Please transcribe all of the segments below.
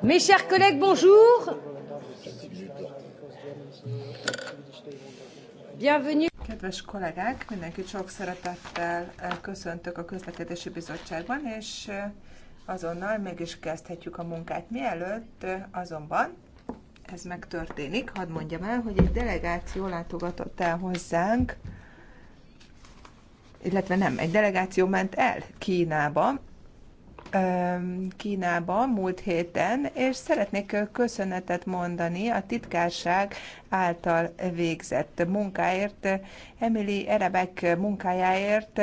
Mes chers collègues, bonjour. Bienvenue. Kedves kollégák, mindenkit sok szeretettel eh, köszöntök a közlekedési bizottságban, és eh, azonnal meg is kezdhetjük a munkát. Mielőtt eh, azonban ez megtörténik, hadd mondjam el, hogy egy delegáció látogatott el hozzánk, illetve nem, egy delegáció ment el Kínába, Kínába múlt héten, és szeretnék köszönetet mondani a titkárság által végzett munkáért, Emily Erebek munkájáért.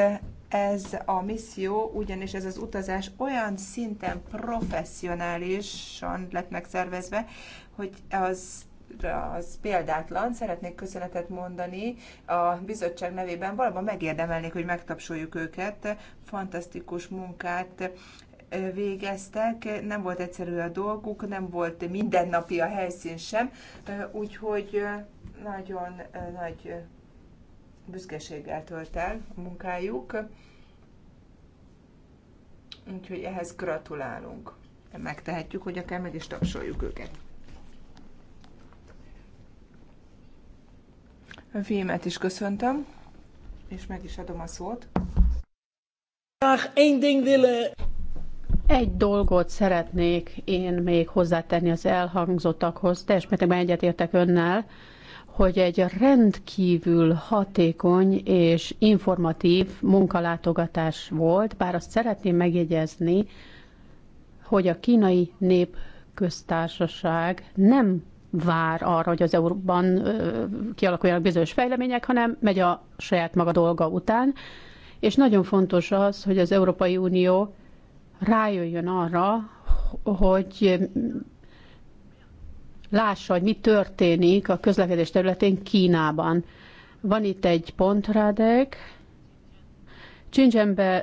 Ez a misszió, ugyanis ez az utazás olyan szinten professzionálisan lett megszervezve, hogy az az példátlan. Szeretnék köszönetet mondani a bizottság nevében. Valóban megérdemelnék, hogy megtapsoljuk őket. Fantasztikus munkát végeztek, nem volt egyszerű a dolguk, nem volt mindennapi a helyszín sem, úgyhogy nagyon nagy büszkeséggel tölt el a munkájuk. Úgyhogy ehhez gratulálunk. Megtehetjük, hogy akár meg is tapsoljuk őket. A filmet is köszöntöm, és meg is adom a szót. Graag één ding egy dolgot szeretnék én még hozzátenni az elhangzottakhoz, teljes mértékben egyetértek önnel, hogy egy rendkívül hatékony és informatív munkalátogatás volt, bár azt szeretném megjegyezni, hogy a kínai nép köztársaság nem vár arra, hogy az EU-ban kialakuljanak bizonyos fejlemények, hanem megy a saját maga dolga után. És nagyon fontos az, hogy az Európai Unió rájöjjön arra, hogy lássa, hogy mi történik a közlekedés területén Kínában. Van itt egy pont, Radek. Csincsenbe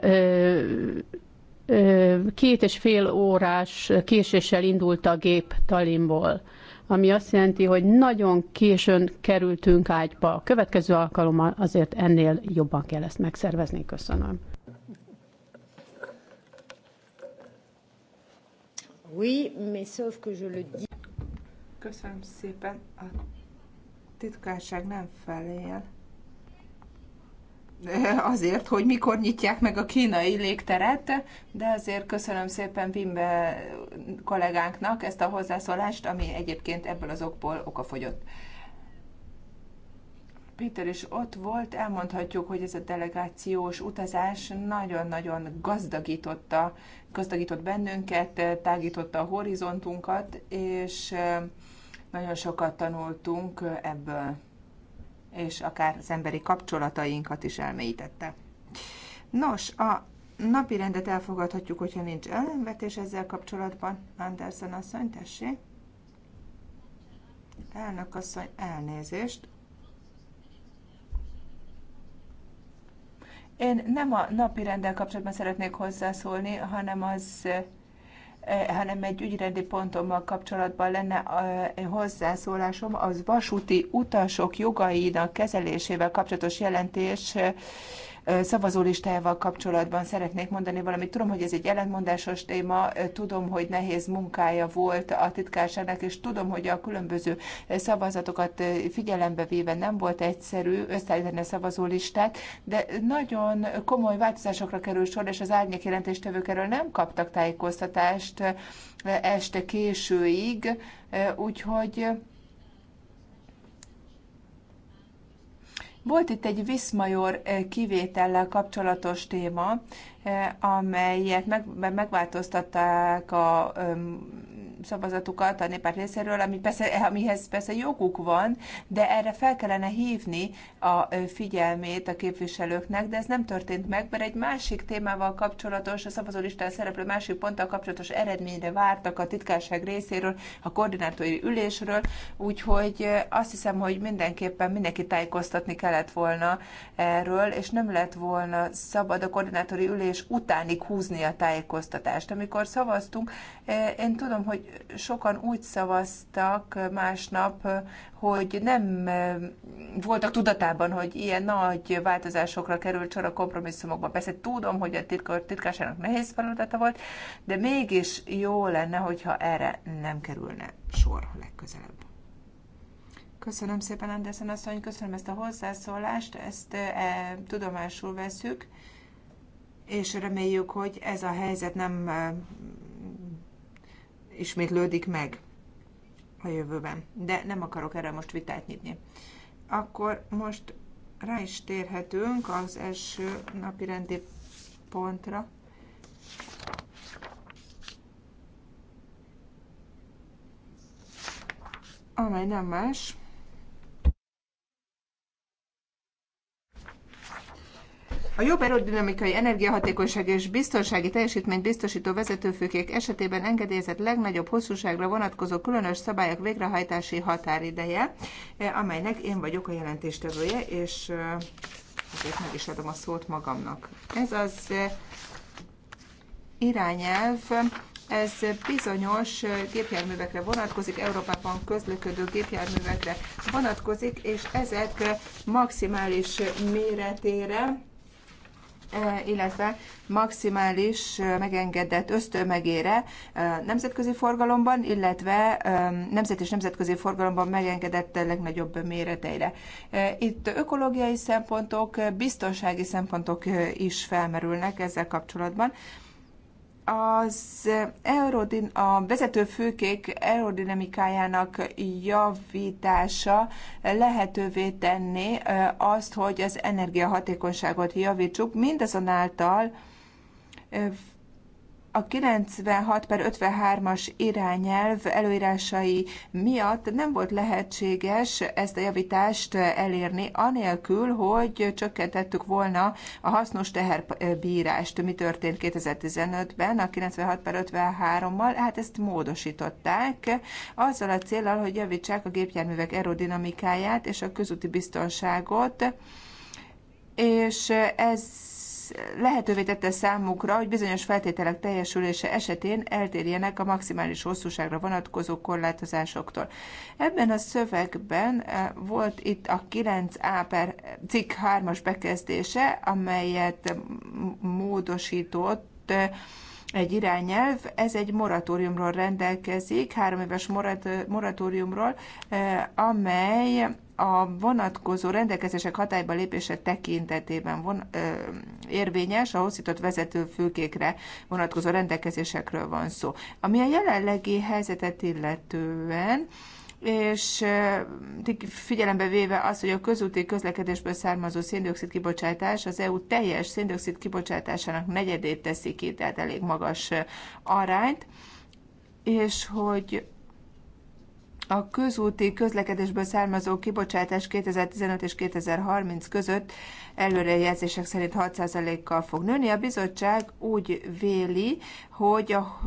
két és fél órás késéssel indult a gép Talimból, ami azt jelenti, hogy nagyon későn kerültünk ágyba. A következő alkalommal azért ennél jobban kell ezt megszervezni. Köszönöm. Oui, mais sauf que je le dis. Köszönöm szépen. A titkárság nem felél. Azért, hogy mikor nyitják meg a kínai légteret, de azért köszönöm szépen Pimbe kollégánknak ezt a hozzászólást, ami egyébként ebből az okból okafogyott. Péter is ott volt, elmondhatjuk, hogy ez a delegációs utazás nagyon-nagyon gazdagította, gazdagított bennünket, tágította a horizontunkat, és nagyon sokat tanultunk ebből, és akár az emberi kapcsolatainkat is elmélyítette. Nos, a napi rendet elfogadhatjuk, hogyha nincs ellenvetés ezzel kapcsolatban. Andersen asszony, tessé. Elnök asszony, elnézést. Én nem a napi rendel kapcsolatban szeretnék hozzászólni, hanem az eh, hanem egy ügyrendi pontommal kapcsolatban lenne a eh, hozzászólásom, az vasúti utasok jogainak kezelésével kapcsolatos jelentés eh, szavazólistával kapcsolatban szeretnék mondani valamit. Tudom, hogy ez egy ellentmondásos téma, tudom, hogy nehéz munkája volt a titkárságnak, és tudom, hogy a különböző szavazatokat figyelembe véve nem volt egyszerű összeállítani a szavazólistát, de nagyon komoly változásokra kerül sor, és az árnyék jelentéstevők nem kaptak tájékoztatást este későig, úgyhogy Volt itt egy Viszmajor eh, kivétellel kapcsolatos téma, amelyet meg, megváltoztatták a szavazatukat a néppárt részéről, ami persze, amihez persze joguk van, de erre fel kellene hívni a figyelmét a képviselőknek, de ez nem történt meg, mert egy másik témával kapcsolatos, a szavazólistán szereplő másik ponttal kapcsolatos eredményre vártak a titkárság részéről, a koordinátori ülésről, úgyhogy azt hiszem, hogy mindenképpen mindenki tájékoztatni kellett volna erről, és nem lett volna szabad a koordinátori ülés és utánig húzni a tájékoztatást. Amikor szavaztunk, eh, én tudom, hogy sokan úgy szavaztak eh, másnap, eh, hogy nem voltak tudatában, hogy ilyen nagy változásokra került sor a kompromisszumokban. Persze tudom, hogy a titkor, titkárságnak nehéz feladata volt, de mégis jó lenne, hogyha erre nem kerülne sor legközelebb. Köszönöm szépen, Andersen asszony, köszönöm ezt a hozzászólást, ezt e, tudomásul veszük és reméljük, hogy ez a helyzet nem ismétlődik meg a jövőben. De nem akarok erre most vitát nyitni. Akkor most rá is térhetünk az első napi rendi pontra. amely nem más, A jobb aerodinamikai energiahatékonyság és biztonsági teljesítményt biztosító vezetőfőkék esetében engedélyezett legnagyobb hosszúságra vonatkozó különös szabályok végrehajtási határideje, eh, amelynek én vagyok a jelentéstevője, és eh, ezért meg is adom a szót magamnak. Ez az eh, irányelv, ez bizonyos gépjárművekre vonatkozik, Európában közlekedő gépjárművekre vonatkozik, és ezek maximális méretére illetve maximális megengedett ösztömegére nemzetközi forgalomban, illetve nemzet és nemzetközi forgalomban megengedett legnagyobb méreteire. Itt ökológiai szempontok, biztonsági szempontok is felmerülnek ezzel kapcsolatban az aerodin, a vezető főkék aerodinamikájának javítása lehetővé tenni azt, hogy az energiahatékonyságot javítsuk, mindazonáltal a 96 per 53-as irányelv előírásai miatt nem volt lehetséges ezt a javítást elérni, anélkül, hogy csökkentettük volna a hasznos teherbírást. Mi történt 2015-ben a 96 per 53-mal? Hát ezt módosították, azzal a célral, hogy javítsák a gépjárművek aerodinamikáját és a közúti biztonságot, és ez lehetővé tette számukra, hogy bizonyos feltételek teljesülése esetén eltérjenek a maximális hosszúságra vonatkozó korlátozásoktól. Ebben a szövegben eh, volt itt a 9A per cikk 3-as bekezdése, amelyet módosított eh, egy irányelv, ez egy moratóriumról rendelkezik, három éves moratóriumról, eh, amely a vonatkozó rendelkezések hatályba lépése tekintetében von, ö, érvényes, a hosszított főkékre vonatkozó rendelkezésekről van szó. Ami a jelenlegi helyzetet illetően, és figyelembe véve az, hogy a közúti közlekedésből származó széndiokszid kibocsátás az EU teljes széndiokszid kibocsátásának negyedét teszi ki, tehát elég magas arányt, és hogy a közúti közlekedésből származó kibocsátás 2015 és 2030 között előrejelzések szerint 6%-kal fog nőni. A bizottság úgy véli, hogy a,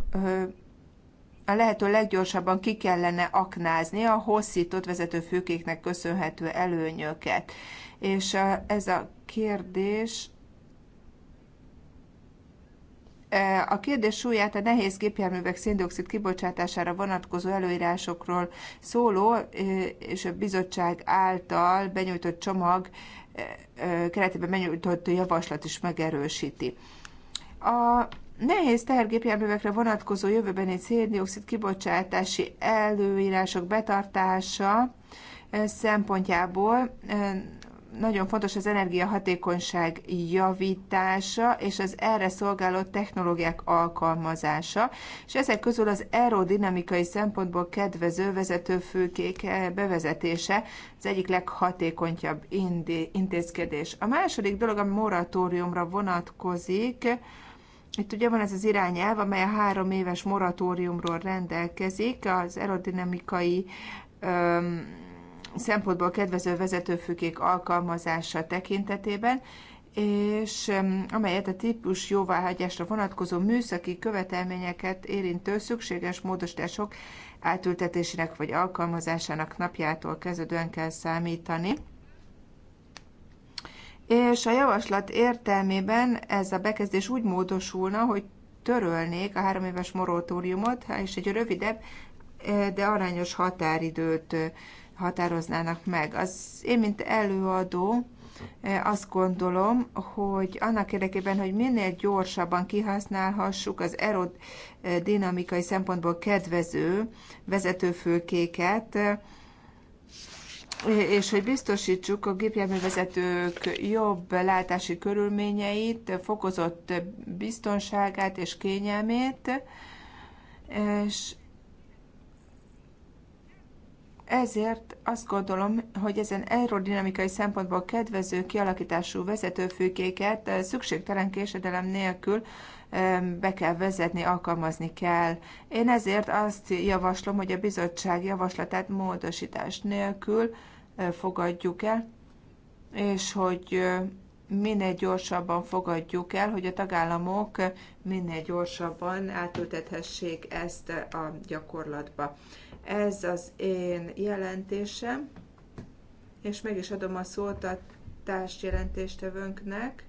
a lehető leggyorsabban ki kellene aknázni a hosszított fűkéknek köszönhető előnyöket. És ez a kérdés E, a kérdés súlyát a nehéz gépjárművek széndiokszid kibocsátására vonatkozó előírásokról szóló e, és a bizottság által benyújtott csomag e, keretében benyújtott javaslat is megerősíti. A nehéz tehergépjárművekre vonatkozó jövőbeni széndiokszid kibocsátási előírások betartása szempontjából nagyon fontos az energiahatékonyság javítása és az erre szolgáló technológiák alkalmazása, és ezek közül az aerodinamikai szempontból kedvező vezetőfülkék eh, bevezetése az egyik leghatékonyabb intézkedés. A második dolog a moratóriumra vonatkozik, itt ugye van ez az irányelv, amely a három éves moratóriumról rendelkezik, az aerodinamikai öm, szempontból kedvező vezetőfükék alkalmazása tekintetében, és amelyet a típus jóváhagyásra vonatkozó műszaki követelményeket érintő szükséges módosítások átültetésének vagy alkalmazásának napjától kezdődően kell számítani. És a javaslat értelmében ez a bekezdés úgy módosulna, hogy törölnék a három éves moratóriumot, és egy rövidebb, eh, de arányos határidőt eh, határoznának meg. Az én, mint előadó, eh, azt gondolom, hogy annak érdekében, hogy minél gyorsabban kihasználhassuk az aerodinamikai szempontból kedvező vezetőfülkéket, eh, és hogy biztosítsuk a gépjárművezetők jobb látási körülményeit, fokozott biztonságát és kényelmét, és ezért azt gondolom, hogy ezen aerodinamikai szempontból kedvező kialakítású vezetőfűkéket eh, szükségtelen késedelem nélkül eh, be kell vezetni, alkalmazni kell. Én ezért azt javaslom, hogy a bizottság javaslatát módosítás nélkül eh, fogadjuk el, és hogy minél gyorsabban fogadjuk el, hogy a tagállamok minél gyorsabban átültethessék ezt a gyakorlatba. Ez az én jelentésem, és meg is adom a szót a társjelentéstevőnknek.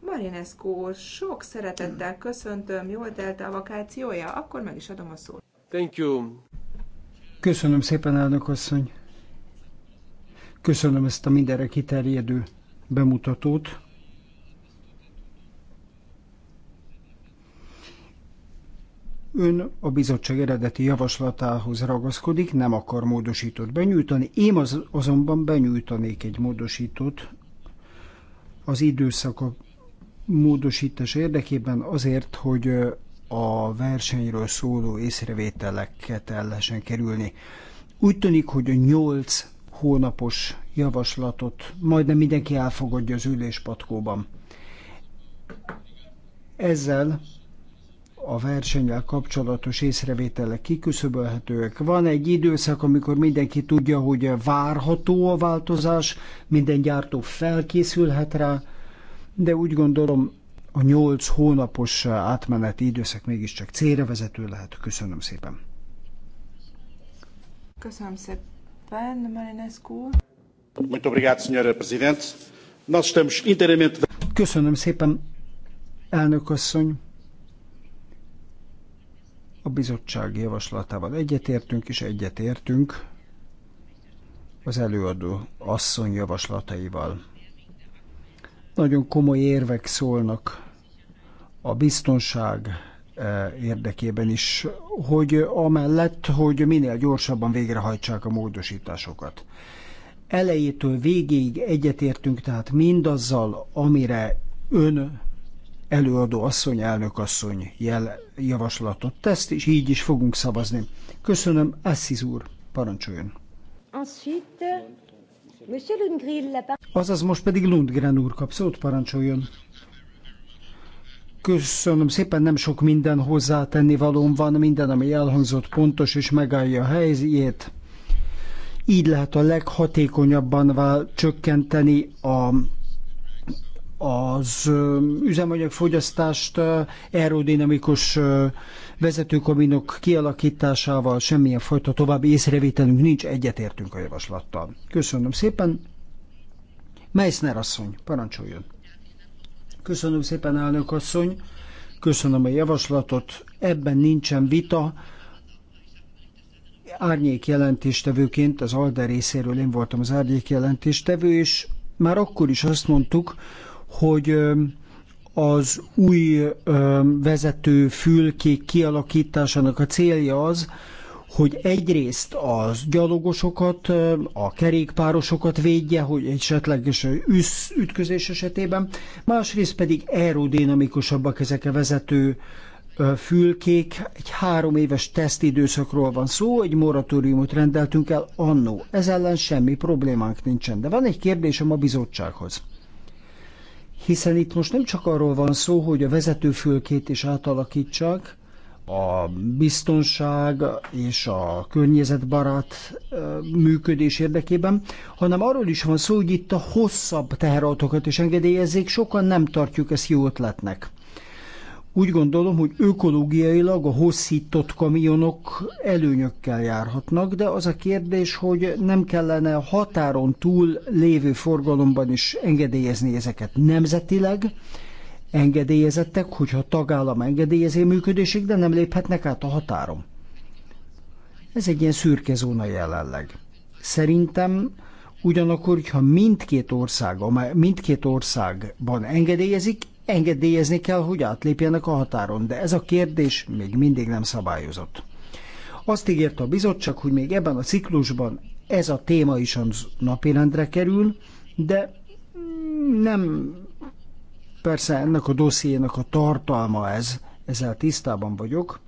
Marinescu sok szeretettel köszöntöm, jól telt a vakációja, akkor meg is adom a szót. Thank you. Köszönöm szépen, elnök asszony. Köszönöm ezt a mindenre kiterjedő bemutatót. Ön a bizottság eredeti javaslatához ragaszkodik, nem akar módosítót benyújtani, én az, azonban benyújtanék egy módosítót az időszak a módosítás érdekében azért, hogy a versenyről szóló észrevételeket el lehessen kerülni. Úgy tűnik, hogy a nyolc hónapos javaslatot majdnem mindenki elfogadja az üléspatkóban. Ezzel a versennyel kapcsolatos észrevételek kiküszöbölhetőek. Van egy időszak, amikor mindenki tudja, hogy várható a változás, minden gyártó felkészülhet rá, de úgy gondolom, a nyolc hónapos átmeneti időszak mégiscsak célra vezető lehet. Köszönöm szépen. Köszönöm szépen, Marinescu Muito obrigado, senhora presidente. Nós estamos inteiramente... Köszönöm szépen, elnök asszony. A bizottság javaslatával egyetértünk, és egyetértünk az előadó asszony javaslataival. Nagyon komoly érvek szólnak a biztonság eh, érdekében is, hogy amellett, hogy minél gyorsabban végrehajtsák a módosításokat. Elejétől végéig egyetértünk tehát mindazzal, amire ön előadó asszony, elnök asszony jel, javaslatot tesz, és így is fogunk szavazni. Köszönöm, Assis úr, parancsoljon. Azaz most pedig Lundgren úr kap szót, parancsoljon. Köszönöm szépen, nem sok minden hozzátenni valóm van, minden, ami elhangzott, pontos és megállja a helyzét. Így lehet a leghatékonyabban vál, csökkenteni a az üzemanyagfogyasztást aerodinamikus vezetőkabinok kialakításával semmilyen fajta további észrevételünk nincs, egyetértünk a javaslattal. Köszönöm szépen. Meissner asszony, parancsoljon. Köszönöm szépen, elnök asszony. Köszönöm a javaslatot. Ebben nincsen vita. Árnyék jelentéstevőként az ALDE részéről én voltam az árnyék jelentéstevő, és már akkor is azt mondtuk, hogy az új vezető fülkék kialakításának a célja az, hogy egyrészt az gyalogosokat, a kerékpárosokat védje, hogy esetleges üsz, ütközés esetében, másrészt pedig aerodinamikusabbak ezek a vezető fülkék. Egy három éves tesztidőszakról van szó, egy moratóriumot rendeltünk el annó. Ez ellen semmi problémánk nincsen. De van egy kérdésem a bizottsághoz hiszen itt most nem csak arról van szó, hogy a vezetőfülkét is átalakítsák, a biztonság és a környezetbarát működés érdekében, hanem arról is van szó, hogy itt a hosszabb teherautókat is engedélyezzék, sokan nem tartjuk ezt jó ötletnek. Úgy gondolom, hogy ökológiailag a hosszított kamionok előnyökkel járhatnak, de az a kérdés, hogy nem kellene a határon túl lévő forgalomban is engedélyezni ezeket nemzetileg, engedélyezettek, hogyha a tagállam engedélyezi működésig, de nem léphetnek át a határon. Ez egy ilyen szürke zóna jelenleg. Szerintem ugyanakkor, hogyha mindkét, ország, amely, mindkét országban engedélyezik, engedélyezni kell, hogy átlépjenek a határon, de ez a kérdés még mindig nem szabályozott. Azt ígérte a bizottság, hogy még ebben a ciklusban ez a téma is a napirendre kerül, de nem persze ennek a dossziénak a tartalma ez, ezzel tisztában vagyok,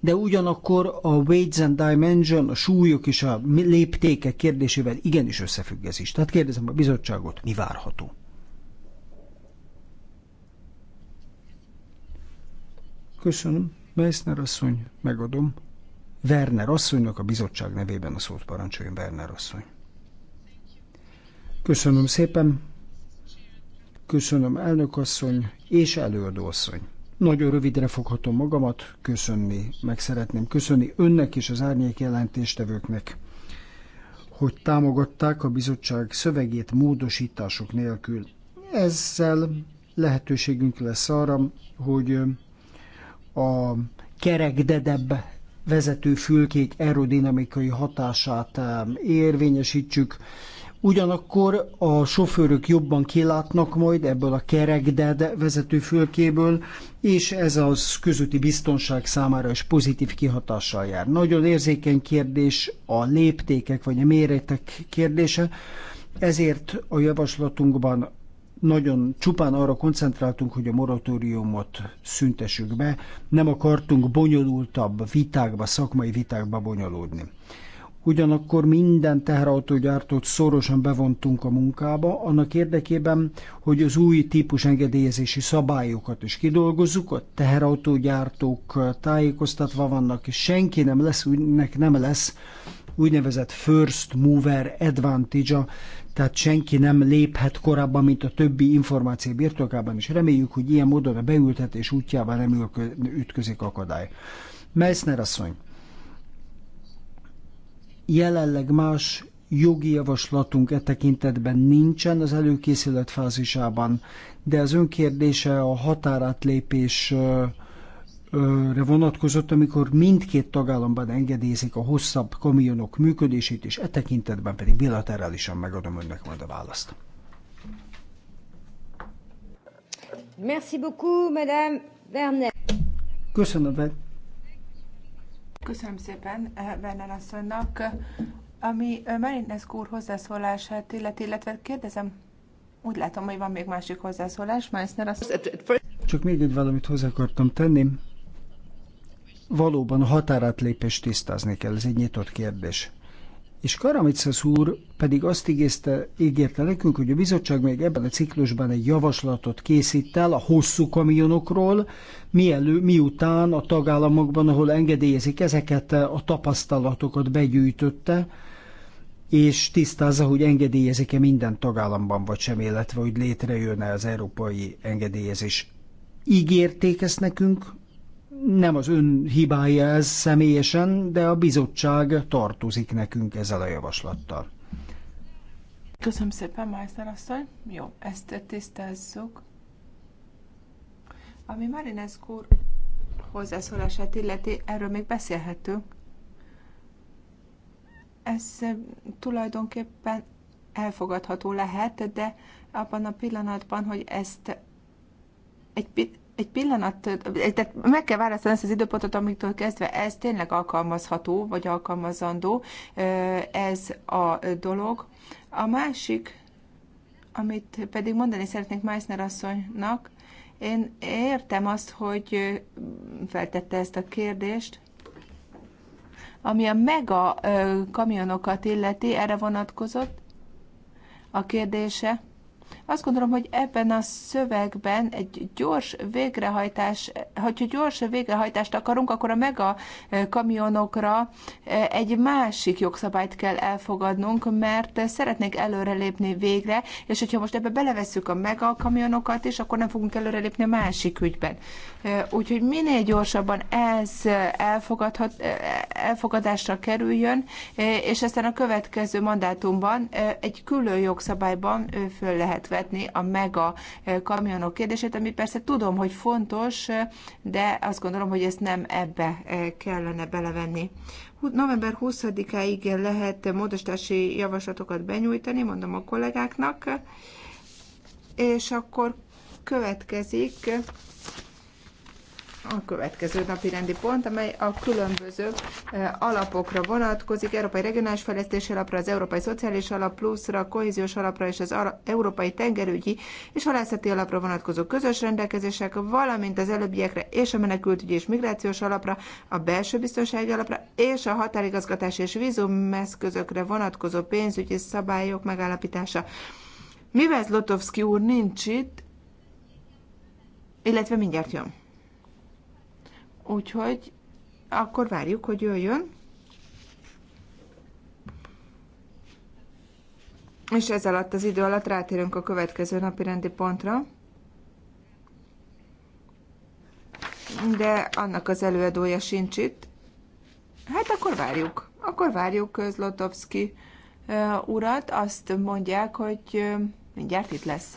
de ugyanakkor a weights and dimension, a súlyok és a léptékek kérdésével igenis összefügg ez is. Tehát kérdezem a bizottságot, mi várható? Köszönöm. Meissner asszony, megadom. Werner asszonynak a bizottság nevében a szót parancsoljon Werner asszony. Köszönöm szépen. Köszönöm elnök asszony és előadó asszony. Nagyon rövidre foghatom magamat, köszönni, meg szeretném köszönni önnek és az árnyék jelentéstevőknek, hogy támogatták a bizottság szövegét módosítások nélkül. Ezzel lehetőségünk lesz arra, hogy a kerekdedebb vezető fülkék aerodinamikai hatását um, érvényesítsük. Ugyanakkor a sofőrök jobban kilátnak majd ebből a kerekded vezetőfülkéből, és ez az közúti biztonság számára is pozitív kihatással jár. Nagyon érzékeny kérdés a léptékek vagy a méretek kérdése, ezért a javaslatunkban nagyon csupán arra koncentráltunk, hogy a moratóriumot szüntessük be, nem akartunk bonyolultabb vitákba, szakmai vitákba bonyolódni. Ugyanakkor minden teherautógyártót szorosan bevontunk a munkába, annak érdekében, hogy az új típus engedélyezési szabályokat is kidolgozzuk, a teherautógyártók tájékoztatva vannak, és senki nem lesz, úgynek nem lesz úgynevezett first mover advantage-a, tehát senki nem léphet korábban, mint a többi információ birtokában, és reméljük, hogy ilyen módon a beültetés útjában nem ütközik akadály. Meissner asszony, jelenleg más jogi javaslatunk e tekintetben nincsen az előkészület fázisában, de az önkérdése a határátlépés lépés vonatkozott, amikor mindkét tagállamban engedélyezik a hosszabb kamionok működését, és e tekintetben pedig bilaterálisan megadom önnek majd a választ. Merci beaucoup, Madame Werner. Köszönöm, Werner. Köszönöm szépen eh, Werner asszonynak. Ami eh, Marinesz úr hozzászólását illeti, illetve kérdezem, úgy látom, hogy van még másik hozzászólás, Meissner asszony. Csak még egy valamit hozzá akartam tenni valóban a határátlépést tisztázni kell, ez egy nyitott kérdés. És Karamicesz úr pedig azt ígérte, ígérte nekünk, hogy a bizottság még ebben a ciklusban egy javaslatot készít el a hosszú kamionokról, mielő, miután a tagállamokban, ahol engedélyezik ezeket, a tapasztalatokat begyűjtötte, és tisztázza, hogy engedélyezik-e minden tagállamban vagy sem, illetve hogy létrejön-e az európai engedélyezés. Ígérték ezt nekünk, nem az ön hibája ez személyesen, de a bizottság tartozik nekünk ezzel a javaslattal. Köszönöm szépen, Májszer asszony. Jó, ezt tisztázzuk. Ami Marinescu úr hozzászólását illeti, erről még beszélhetünk. Ez tulajdonképpen elfogadható lehet, de abban a pillanatban, hogy ezt egy egy pillanat, tehát meg kell választani ezt az időpontot, amiktől kezdve ez tényleg alkalmazható, vagy alkalmazandó, ez a dolog. A másik, amit pedig mondani szeretnék Meissner asszonynak, én értem azt, hogy feltette ezt a kérdést, ami a mega kamionokat illeti, erre vonatkozott a kérdése azt gondolom, hogy ebben a szövegben egy gyors végrehajtás, hogyha gyors végrehajtást akarunk, akkor a mega eh, kamionokra eh, egy másik jogszabályt kell elfogadnunk, mert szeretnék előrelépni végre, és hogyha most ebbe belevesszük a mega kamionokat is, akkor nem fogunk előrelépni a másik ügyben. Eh, úgyhogy minél gyorsabban ez elfogadhat, elfogadásra kerüljön, és aztán a következő mandátumban egy külön jogszabályban föl lehet vetni a mega kamionok kérdését, ami persze tudom, hogy fontos, de azt gondolom, hogy ezt nem ebbe kellene belevenni. November 20-áig lehet módosítási javaslatokat benyújtani, mondom a kollégáknak, és akkor következik a következő napi rendi pont, amely a különböző eh, alapokra vonatkozik, Európai Regionális Fejlesztési Alapra, az Európai Szociális Alap Pluszra, a Kohéziós Alapra és az Európai Tengerügyi és Halászati Alapra vonatkozó közös rendelkezések, valamint az előbbiekre és a Menekültügyi és Migrációs Alapra, a Belső Biztonsági Alapra és a Határigazgatás és Vízumeszközökre vonatkozó pénzügyi szabályok megállapítása. Mivel Zlotowski úr nincs itt, illetve mindjárt jön. Úgyhogy akkor várjuk, hogy jöjjön. És ez alatt az idő alatt rátérünk a következő napi rendi pontra. De annak az előadója sincs itt. Hát akkor várjuk. Akkor várjuk Zlotowski urat. Azt mondják, hogy mindjárt itt lesz.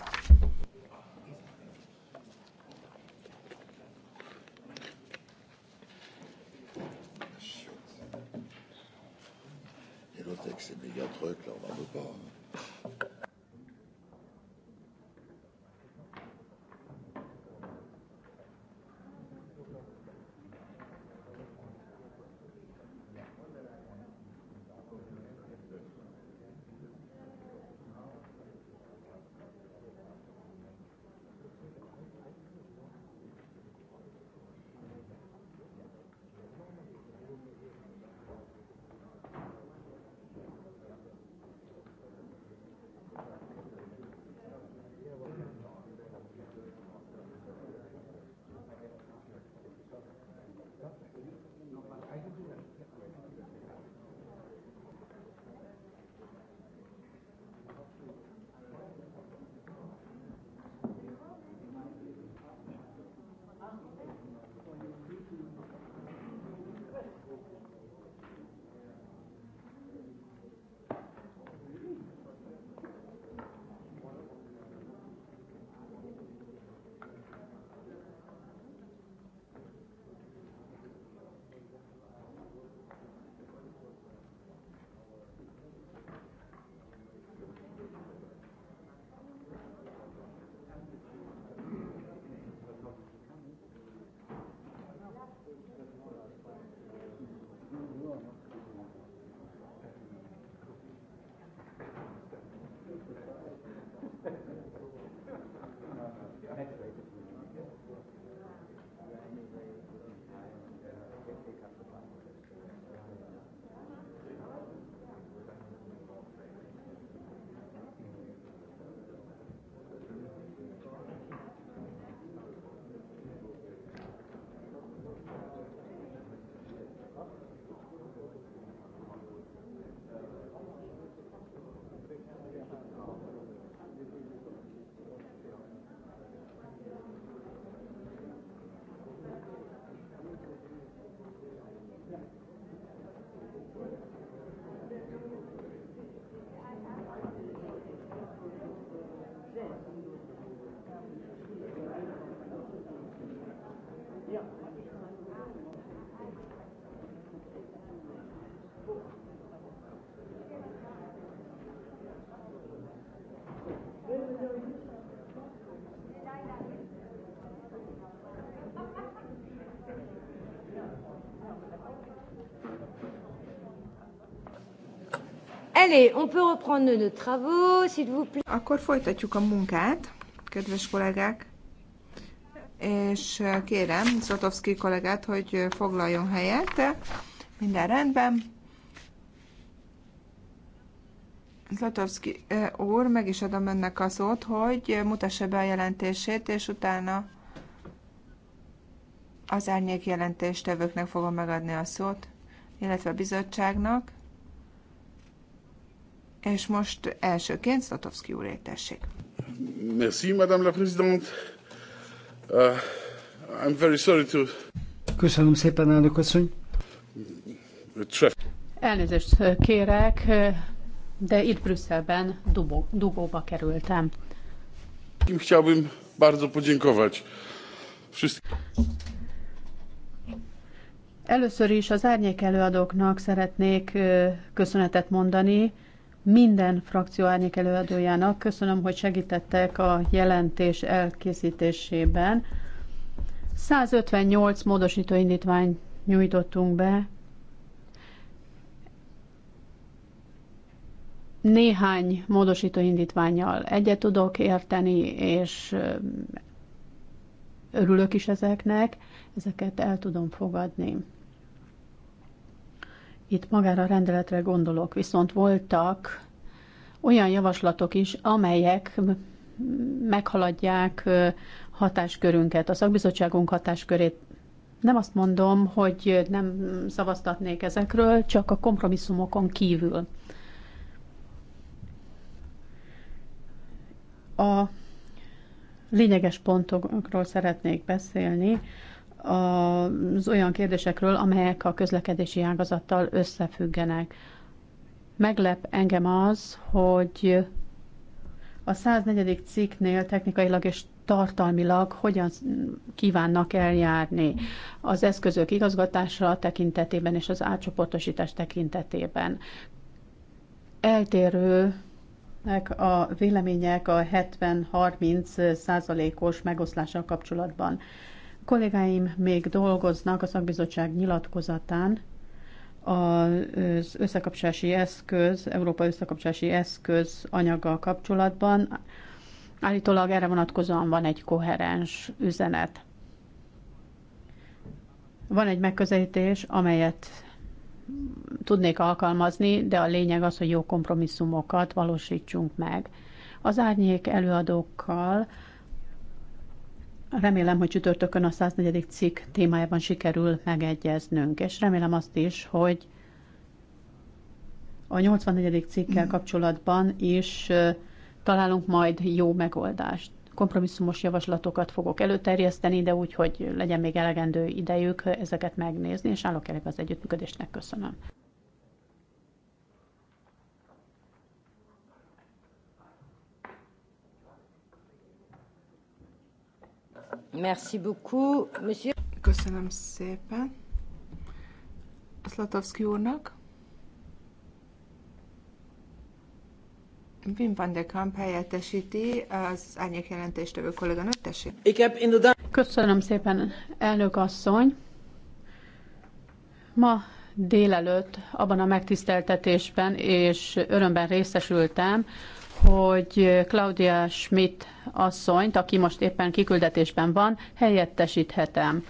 Allez, on peut reprendre nos travaux, s'il vous plaît. Akkor folytatjuk a munkát, kedves kollégák. És eh, kérem Zotowski kollégát, hogy eh, foglaljon helyet. Minden rendben. Zlatovszki eh, úr, meg is adom önnek a szót, hogy mutassa be a jelentését, és utána az árnyék jelentéstevőknek fogom megadni a szót, illetve a bizottságnak. És most elsőként Szatovszki úr értessék. Merci, Madame la Présidente. Uh, I'm very sorry to... Köszönöm szépen, elnök asszony. Elnézést kérek, de itt Brüsszelben dugóba kerültem. Chciałbym bardzo podziękować. Először is az árnyék előadóknak szeretnék köszönetet mondani, minden frakció árnyék előadójának. Köszönöm, hogy segítettek a jelentés elkészítésében. 158 módosító indítvány nyújtottunk be. Néhány módosító indítványjal egyet tudok érteni, és örülök is ezeknek, ezeket el tudom fogadni. Itt magára a rendeletre gondolok, viszont voltak olyan javaslatok is, amelyek meghaladják hatáskörünket, a szakbizottságunk hatáskörét. Nem azt mondom, hogy nem szavaztatnék ezekről, csak a kompromisszumokon kívül. A lényeges pontokról szeretnék beszélni, az olyan kérdésekről, amelyek a közlekedési ágazattal összefüggenek. Meglep engem az, hogy a 104. cikknél technikailag és tartalmilag hogyan kívánnak eljárni az eszközök igazgatásra tekintetében és az átcsoportosítás tekintetében. Eltérő a vélemények a 70-30 százalékos megoszlással kapcsolatban. Kollégáim még dolgoznak a szakbizottság nyilatkozatán, az összekapcsolási eszköz, Európa összekapcsolási eszköz anyaggal kapcsolatban. Állítólag erre vonatkozóan van egy koherens üzenet. Van egy megközelítés, amelyet tudnék alkalmazni, de a lényeg az, hogy jó kompromisszumokat valósítsunk meg. Az árnyék előadókkal Remélem, hogy csütörtökön a 104. cikk témájában sikerül megegyeznünk, és remélem azt is, hogy a 84. cikkkel mm. kapcsolatban is találunk majd jó megoldást. Kompromisszumos javaslatokat fogok előterjeszteni, de úgy, hogy legyen még elegendő idejük ezeket megnézni, és állok elég az együttműködésnek. Köszönöm. Merci beaucoup, monsieur. Köszönöm szépen. Szlatovszki úrnak. Wim van de Kamp helyettesíti az árnyék jelentéstevő kolléganőt, tessék. Köszönöm szépen, elnök asszony. Ma délelőtt abban a megtiszteltetésben és örömben részesültem, hogy Claudia Schmidt asszonyt, aki most éppen kiküldetésben van, helyettesíthetem.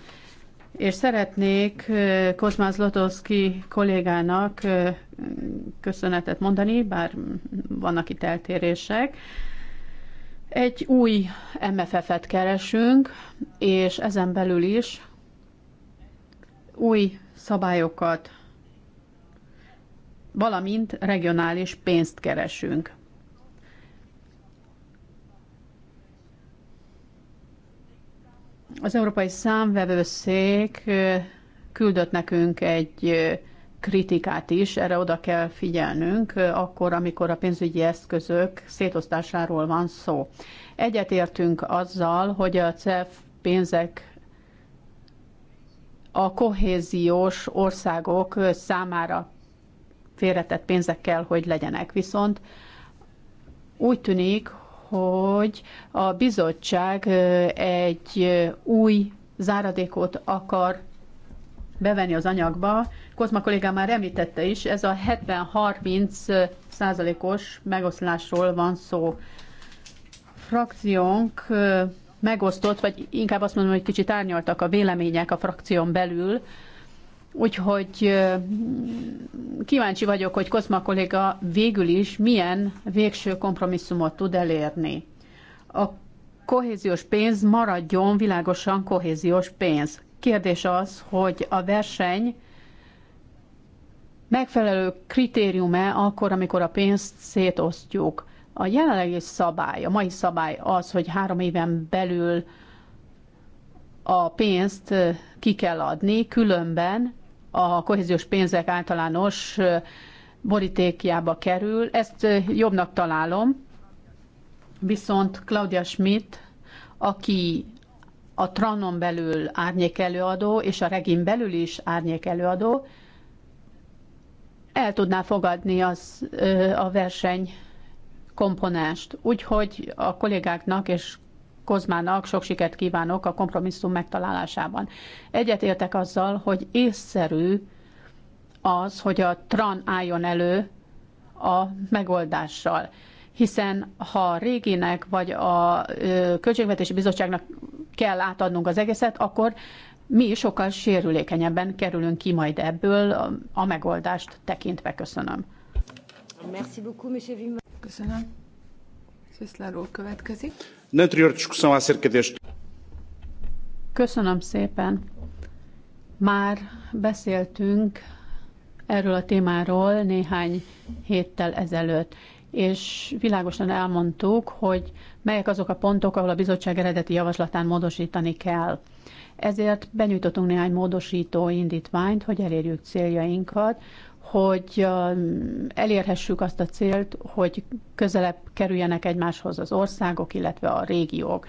És szeretnék Kozmáz Lotowski kollégának köszönetet mondani, bár vannak itt eltérések. Egy új MFF-et keresünk, és ezen belül is új szabályokat, valamint regionális pénzt keresünk. Az Európai Számvevőszék küldött nekünk egy kritikát is, erre oda kell figyelnünk, akkor, amikor a pénzügyi eszközök szétosztásáról van szó. Egyetértünk azzal, hogy a CEF pénzek a kohéziós országok számára félretett pénzekkel, hogy legyenek. Viszont úgy tűnik, hogy a bizottság egy új záradékot akar bevenni az anyagba. Kozma kollégám már említette is, ez a 70-30 százalékos megoszlásról van szó. Frakciónk megosztott, vagy inkább azt mondom, hogy kicsit árnyaltak a vélemények a frakción belül, Úgyhogy kíváncsi vagyok, hogy Koszma kolléga végül is milyen végső kompromisszumot tud elérni. A kohéziós pénz maradjon világosan kohéziós pénz. Kérdés az, hogy a verseny megfelelő kritériume akkor, amikor a pénzt szétosztjuk. A jelenlegi szabály, a mai szabály az, hogy három éven belül a pénzt ki kell adni, különben a kohéziós pénzek általános borítékjába kerül. Ezt jobbnak találom, viszont Claudia Schmidt, aki a Tranon belül árnyék előadó, és a Regin belül is árnyék előadó, el tudná fogadni az, a verseny komponást. Úgyhogy a kollégáknak és Kozmának sok sikert kívánok a kompromisszum megtalálásában. Egyetértek azzal, hogy észszerű az, hogy a TRAN álljon elő a megoldással. Hiszen ha a réginek vagy a Költségvetési Bizottságnak kell átadnunk az egészet, akkor mi is sokkal sérülékenyebben kerülünk ki majd ebből a megoldást tekintve. Köszönöm. Köszönöm. Sziszláról következik. Na anterior discussão acerca deste. Köszönöm szépen. Már beszéltünk erről a témáról néhány héttel ezelőtt, és világosan elmondtuk, hogy melyek azok a pontok, ahol a bizottság eredeti javaslatán módosítani kell. Ezért benyújtottunk néhány módosító indítványt, hogy elérjük céljainkat, hogy um, elérhessük azt a célt, hogy közelebb kerüljenek egymáshoz az országok, illetve a régiók.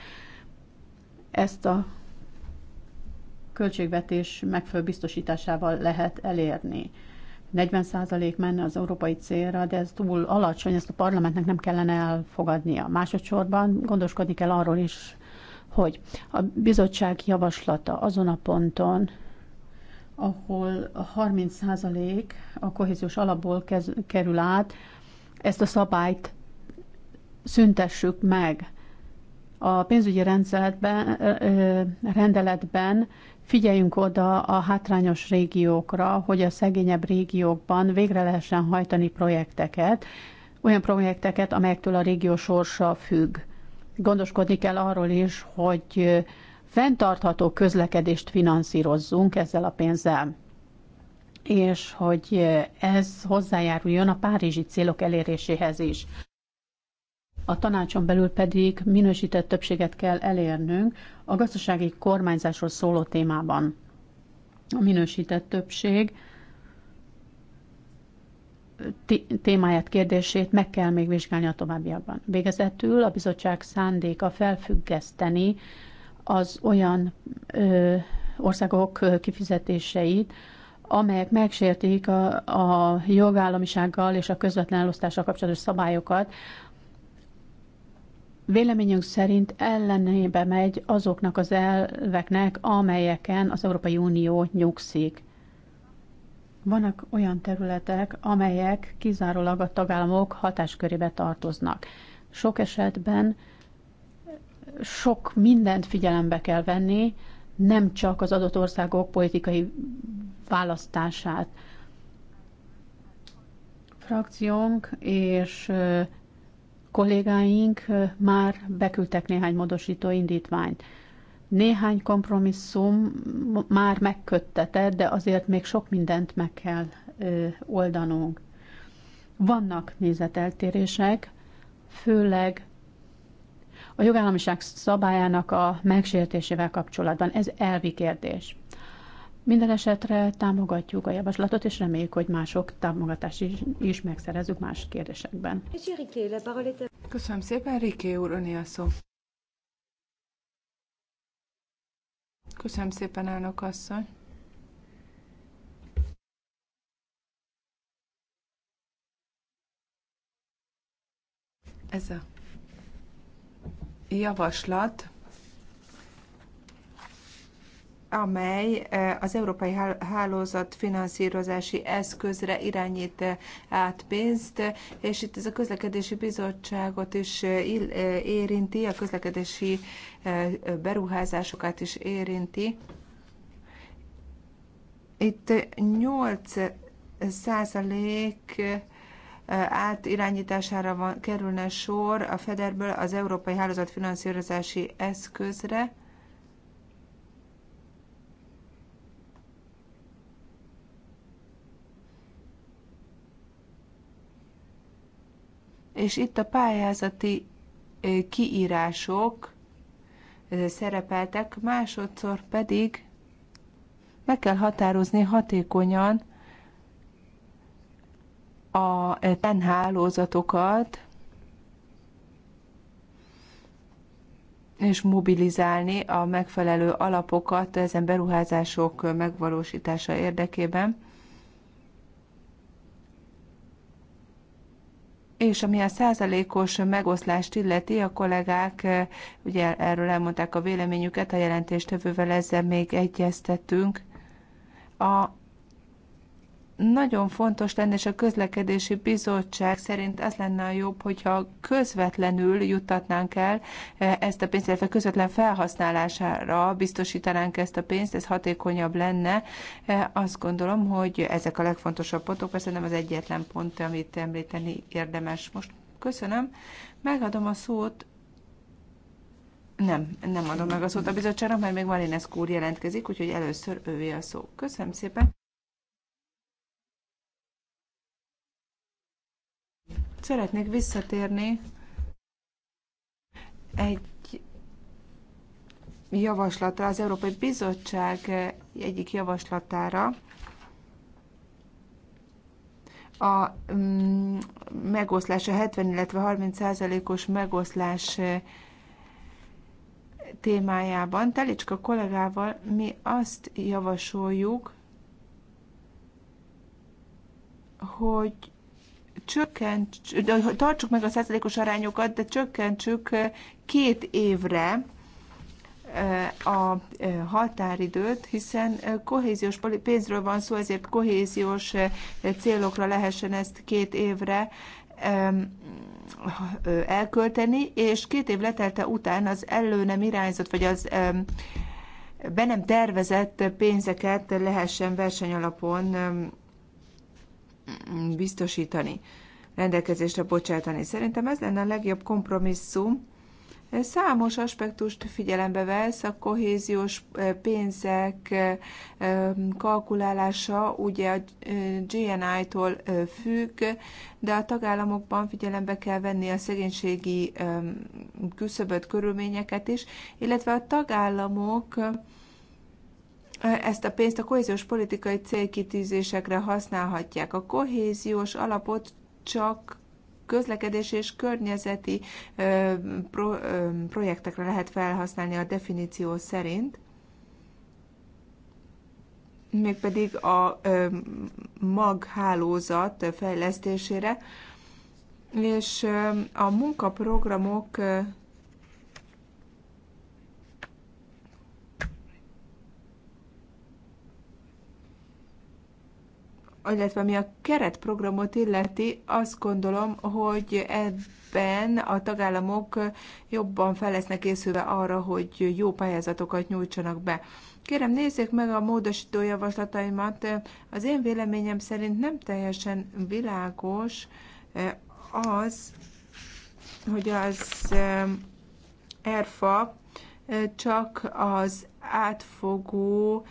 Ezt a költségvetés megfelelő biztosításával lehet elérni. 40% menne az európai célra, de ez túl alacsony, ezt a parlamentnek nem kellene elfogadnia. Másodszorban gondoskodni kell arról is, hogy a bizottság javaslata azon a ponton, ahol 30% a kohéziós alapból kez, kerül át, ezt a szabályt szüntessük meg. A pénzügyi rendszerben, rendeletben figyeljünk oda a hátrányos régiókra, hogy a szegényebb régiókban végre lehessen hajtani projekteket, olyan projekteket, amelyektől a régió sorsa függ. Gondoskodni kell arról is, hogy fenntartható közlekedést finanszírozzunk ezzel a pénzzel, és hogy ez hozzájáruljon a párizsi célok eléréséhez is. A tanácson belül pedig minősített többséget kell elérnünk a gazdasági kormányzásról szóló témában. A minősített többség témáját, kérdését meg kell még vizsgálni a továbbiakban. Végezetül a bizottság szándéka felfüggeszteni az olyan ö, országok kifizetéseit, amelyek megsértik a, a jogállamisággal és a közvetlen elosztással kapcsolatos szabályokat, véleményünk szerint ellenébe megy azoknak az elveknek, amelyeken az Európai Unió nyugszik. Vannak olyan területek, amelyek kizárólag a tagállamok hatáskörébe tartoznak. Sok esetben sok mindent figyelembe kell venni, nem csak az adott országok politikai választását. Frakciónk és kollégáink már beküldtek néhány módosító indítványt. Néhány kompromisszum már megköttetett, de azért még sok mindent meg kell oldanunk. Vannak nézeteltérések, főleg a jogállamiság szabályának a megsértésével kapcsolatban. Ez elvi kérdés. Minden esetre támogatjuk a javaslatot, és reméljük, hogy mások támogatást is, is megszerezünk más kérdésekben. Köszönöm szépen, Riké úr, öné a szó. Köszönöm szépen, elnök asszony. Ez a javaslat, amely e, az Európai Hálózat finanszírozási eszközre irányít e, át pénzt, és itt ez a közlekedési bizottságot is e, érinti, a közlekedési beruházásokat is érinti. Itt 8 százalék átirányítására van, kerülne sor a Federből az Európai Hálózat finanszírozási eszközre. És itt a pályázati kiírások szerepeltek, másodszor pedig meg kell határozni hatékonyan a e, TEN hálózatokat, és mobilizálni a megfelelő alapokat ezen beruházások megvalósítása érdekében. És ami a százalékos megoszlást illeti, a kollégák e, ugye erről elmondták a véleményüket, a jelentéstevővel ezzel még egyeztettünk. A nagyon fontos lenne, és a közlekedési bizottság szerint az lenne a jobb, hogyha közvetlenül juttatnánk el e, ezt a pénzt, illetve közvetlen felhasználására biztosítanánk ezt a pénzt, ez hatékonyabb lenne. E, azt gondolom, hogy ezek a legfontosabb pontok, persze nem az egyetlen pont, amit említeni érdemes. Most köszönöm, megadom a szót nem, nem adom meg a szót a bizottságnak, mert még Marinesz úr jelentkezik, úgyhogy először ővé a szó. Köszönöm szépen. Szeretnék visszatérni egy javaslatra, az Európai Bizottság egyik javaslatára, a mm, megoszlás, a 70, illetve 30 százalékos megoszlás eh, témájában. Telicska kollégával mi azt javasoljuk, hogy csökkentsük, tartsuk meg a százalékos arányokat, de csökkentsük két évre a határidőt, hiszen kohéziós pénzről van szó, ezért kohéziós célokra lehessen ezt két évre elkölteni, és két év letelte után az elő nem irányzott, vagy az be nem tervezett pénzeket lehessen versenyalapon biztosítani, rendelkezésre bocsátani. Szerintem ez lenne a legjobb kompromisszum. Számos aspektust figyelembe vesz, a kohéziós eh, pénzek eh, kalkulálása ugye a eh, GNI-tól függ, de a tagállamokban figyelembe kell venni a szegénységi küszöböt, körülményeket is, illetve a tagállamok ezt a pénzt a kohéziós politikai célkitűzésekre használhatják. A kohéziós alapot csak közlekedés és környezeti ö, pro, ö, projektekre lehet felhasználni a definíció szerint, mégpedig a ö, mag hálózat fejlesztésére, és ö, a munkaprogramok illetve ami a keretprogramot illeti, azt gondolom, hogy ebben a tagállamok jobban fel lesznek készülve arra, hogy jó pályázatokat nyújtsanak be. Kérem, nézzék meg a módosító javaslataimat. Az én véleményem szerint nem teljesen világos eh, az, hogy az eh, ERFA eh, csak az átfogó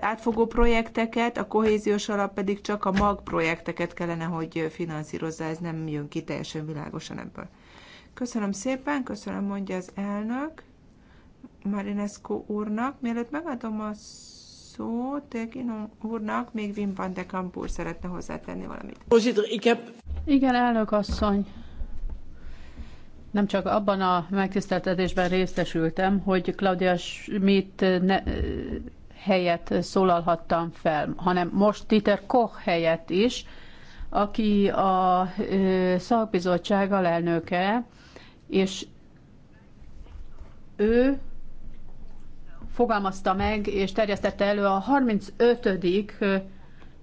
átfogó projekteket, a kohéziós alap pedig csak a mag projekteket kellene, hogy finanszírozza, ez nem jön ki teljesen világosan ebből. Köszönöm szépen, köszönöm, mondja az elnök Marinescu úrnak. Mielőtt megadom a szót Tegino úrnak, még Wim van de Kamp úr szeretne hozzátenni valamit. Igen, elnök asszony. Nem csak abban a megtiszteltetésben részesültem, hogy Claudia Schmidt ne, helyett szólalhattam fel, hanem most Dieter Koch helyett is, aki a szakbizottság alelnöke, és ő fogalmazta meg és terjesztette elő a 35.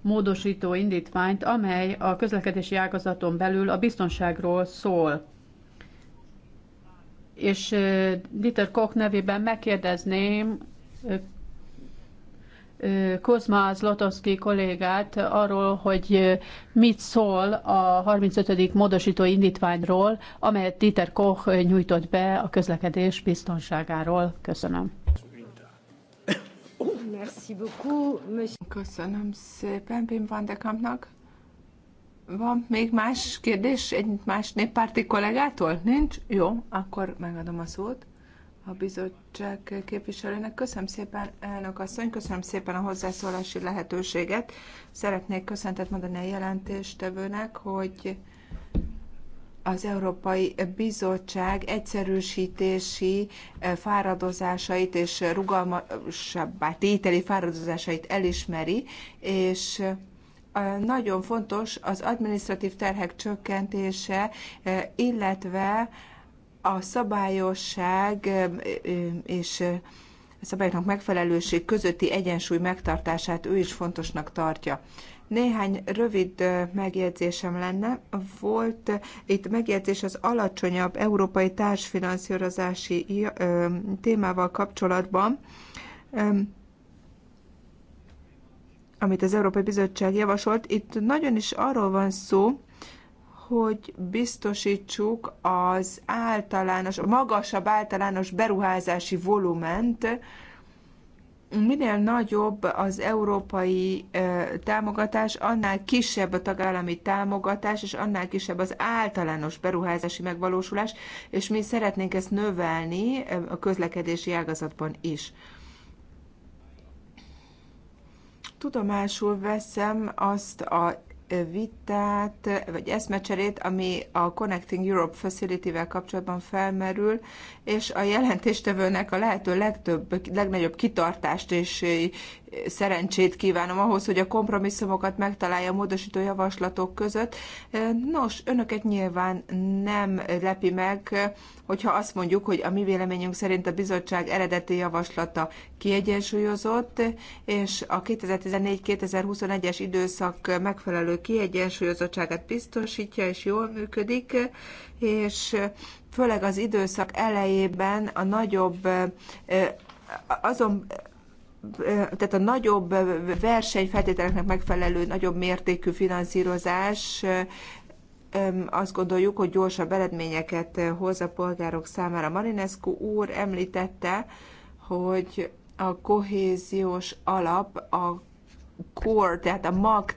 módosító indítványt, amely a közlekedési ágazaton belül a biztonságról szól. És Dieter Koch nevében megkérdezném Kozma Zlotowski kollégát arról, hogy mit szól a 35. módosító indítványról, amelyet Dieter Koch nyújtott be a közlekedés biztonságáról. Köszönöm. Köszönöm szépen Pim van de Kampnak. Van még más kérdés egy más néppárti kollégától? Nincs? Jó, akkor megadom a szót a bizottság képviselőnek. Köszönöm szépen, elnök asszony, köszönöm szépen a hozzászólási lehetőséget. Szeretnék köszöntet mondani a jelentéstevőnek, hogy az Európai Bizottság egyszerűsítési eh, fáradozásait és rugalmasabbá tételi fáradozásait elismeri, és eh, nagyon fontos az administratív terhek csökkentése, eh, illetve a szabályosság és a szabályoknak megfelelőség közötti egyensúly megtartását ő is fontosnak tartja. Néhány rövid megjegyzésem lenne. Volt itt megjegyzés az alacsonyabb európai társfinanszírozási témával kapcsolatban, amit az Európai Bizottság javasolt. Itt nagyon is arról van szó, hogy biztosítsuk az általános, a magasabb általános beruházási volument, minél nagyobb az európai támogatás, annál kisebb a tagállami támogatás, és annál kisebb az általános beruházási megvalósulás, és mi szeretnénk ezt növelni a közlekedési ágazatban is. Tudomásul veszem azt a vitát, vagy eszmecserét, ami a Connecting Europe Facility-vel kapcsolatban felmerül, és a jelentéstevőnek a lehető legtöbb, legnagyobb kitartást és szerencsét kívánom ahhoz, hogy a kompromisszumokat megtalálja a módosító javaslatok között. Nos, önöket nyilván nem lepi meg, hogyha azt mondjuk, hogy a mi véleményünk szerint a bizottság eredeti javaslata kiegyensúlyozott, és a 2014-2021-es időszak megfelelő kiegyensúlyozottságát biztosítja, és jól működik, és főleg az időszak elejében a nagyobb azon tehát a nagyobb versenyfeltételeknek megfelelő, nagyobb mértékű finanszírozás azt gondoljuk, hogy gyorsabb eredményeket hoz a polgárok számára. Marinescu úr említette, hogy a kohéziós alap a core, tehát a MAG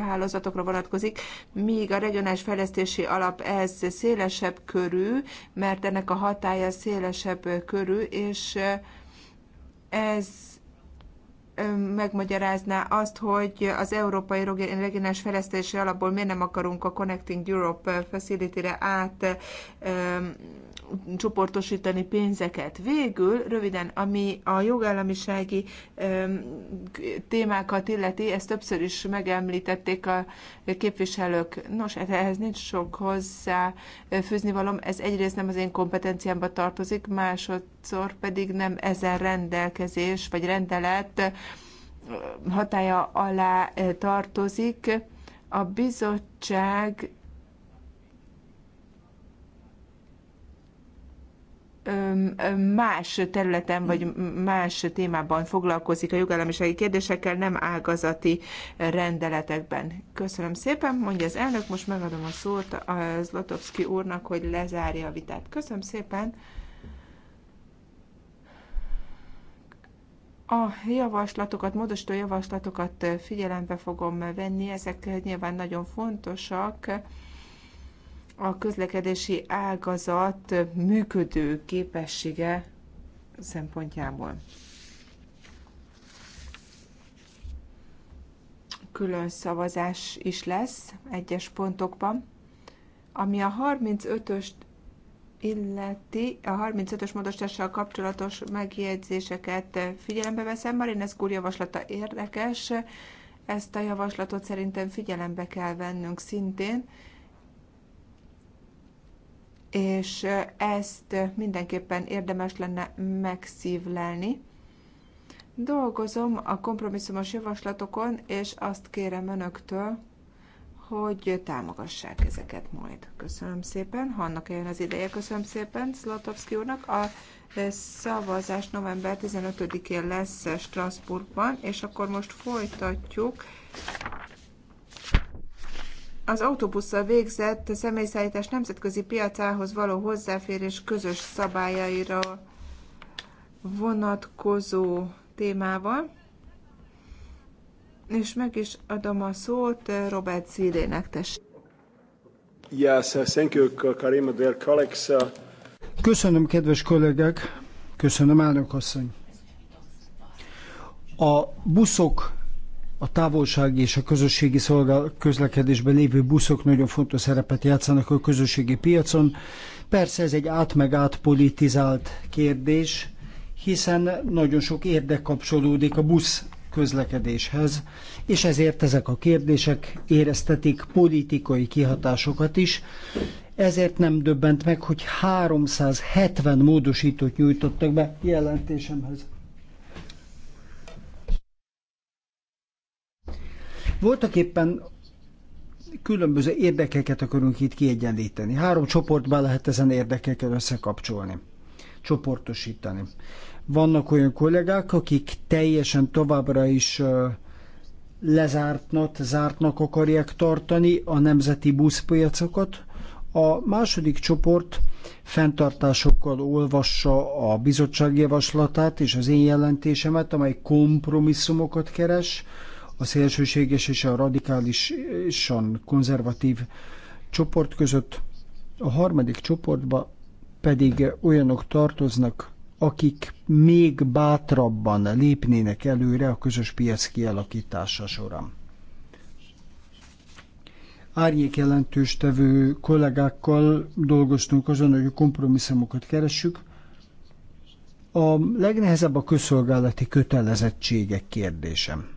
hálózatokra vonatkozik, míg a regionális fejlesztési alap ez szélesebb körű, mert ennek a hatája szélesebb körű, és ez megmagyarázná azt, hogy az Európai Regionális Fejlesztési Alapból miért nem akarunk a Connecting Europe Facility-re át csoportosítani pénzeket. Végül, röviden, ami a jogállamisági témákat illeti, ezt többször is megemlítették a képviselők. Nos, e-, ehhez nincs sok hozzá fűzni valom. Ez egyrészt nem az én kompetenciámba tartozik, másod harmadszor pedig nem ezen rendelkezés vagy rendelet hatája alá tartozik. A bizottság más területen vagy más témában foglalkozik a jogállamisági kérdésekkel, nem ágazati rendeletekben. Köszönöm szépen, mondja az elnök, most megadom a szót a Zlotowski úrnak, hogy lezárja a vitát. Köszönöm szépen! A javaslatokat, módosító javaslatokat figyelembe fogom venni, ezek nyilván nagyon fontosak a közlekedési ágazat működő képessége szempontjából. Külön szavazás is lesz egyes pontokban. Ami a 35-öst illeti a 35-ös módosítással kapcsolatos megjegyzéseket figyelembe veszem. Marinesz úr javaslata érdekes, ezt a javaslatot szerintem figyelembe kell vennünk szintén, és ezt mindenképpen érdemes lenne megszívlelni. Dolgozom a kompromisszumos javaslatokon, és azt kérem önöktől, hogy támogassák ezeket majd. Köszönöm szépen. annak eljön az ideje. Köszönöm szépen Zlatovszki úrnak. A e, szavazás november 15-én lesz e, Strasbourgban, és akkor most folytatjuk az autóbusszal végzett személyszállítás nemzetközi piacához való hozzáférés közös szabályaira vonatkozó témával és meg is adom a szót eh, Robert Zidének, tessék. Yes, uh, thank you, Karim, dear colleagues. Uh, köszönöm, kedves kollégák, köszönöm, elnökasszony. A buszok a távolsági és a közösségi szolgál közlekedésben lévő buszok nagyon fontos szerepet játszanak a közösségi piacon. Persze ez egy át meg át politizált kérdés, hiszen nagyon sok érdek kapcsolódik a busz közlekedéshez, és ezért ezek a kérdések éreztetik politikai kihatásokat is. Ezért nem döbbent meg, hogy 370 módosítót nyújtottak be jelentésemhez. Voltak éppen különböző érdekeket akarunk itt kiegyenlíteni. Három csoportban lehet ezen érdekeket összekapcsolni, csoportosítani. Vannak olyan kollégák, akik teljesen továbbra is lezártnak, zártnak akarják tartani a nemzeti buszpiacokat. A második csoport fenntartásokkal olvassa a bizottság javaslatát és az én jelentésemet, amely kompromisszumokat keres, a szélsőséges és a radikálisan konzervatív csoport között. A harmadik csoportba pedig olyanok tartoznak, akik még bátrabban lépnének előre a közös piac kialakítása során. Árnyék jelentős tevő kollégákkal dolgoztunk azon, hogy a kompromisszumokat keressük. A legnehezebb a közszolgálati kötelezettségek kérdésem.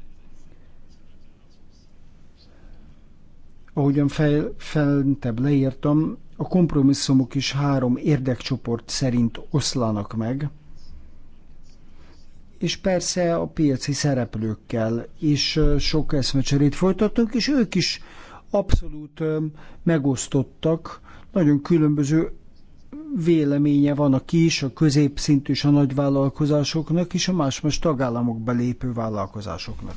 Ahogyan fel, fentebb leírtam, a kompromisszumok is három érdekcsoport szerint oszlanak meg, és persze a piaci szereplőkkel is sok eszmecserét folytattunk, és ők is abszolút megosztottak, nagyon különböző véleménye van a kis, a középszintű és a nagyvállalkozásoknak, és a más-más tagállamok belépő vállalkozásoknak.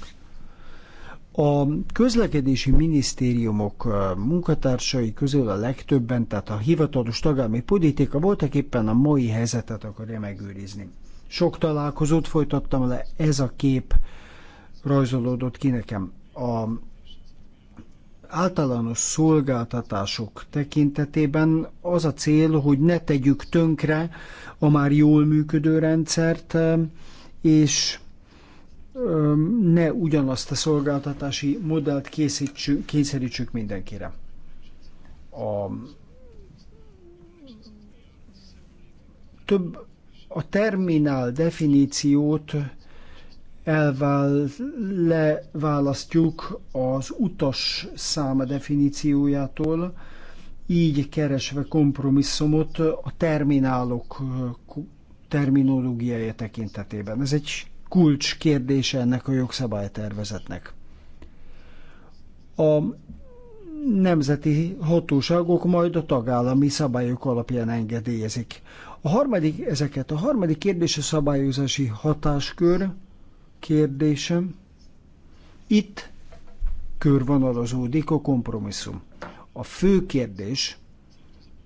A közlekedési minisztériumok munkatársai közül a legtöbben, tehát a hivatalos tagállami politika voltak éppen a mai helyzetet akarja megőrizni. Sok találkozót folytattam le, ez a kép rajzolódott ki nekem. A általános szolgáltatások tekintetében az a cél, hogy ne tegyük tönkre a már jól működő rendszert, és ne ugyanazt a szolgáltatási modellt készítsük, kényszerítsük mindenkire. A több a terminál definíciót elvál, leválasztjuk az utas száma definíciójától, így keresve kompromisszumot a terminálok terminológiája tekintetében. Ez egy kulcs kérdése ennek a jogszabálytervezetnek. A nemzeti hatóságok majd a tagállami szabályok alapján engedélyezik. A harmadik, ezeket a harmadik kérdés a szabályozási hatáskör kérdése. Itt körvonalazódik a kompromisszum. A fő kérdés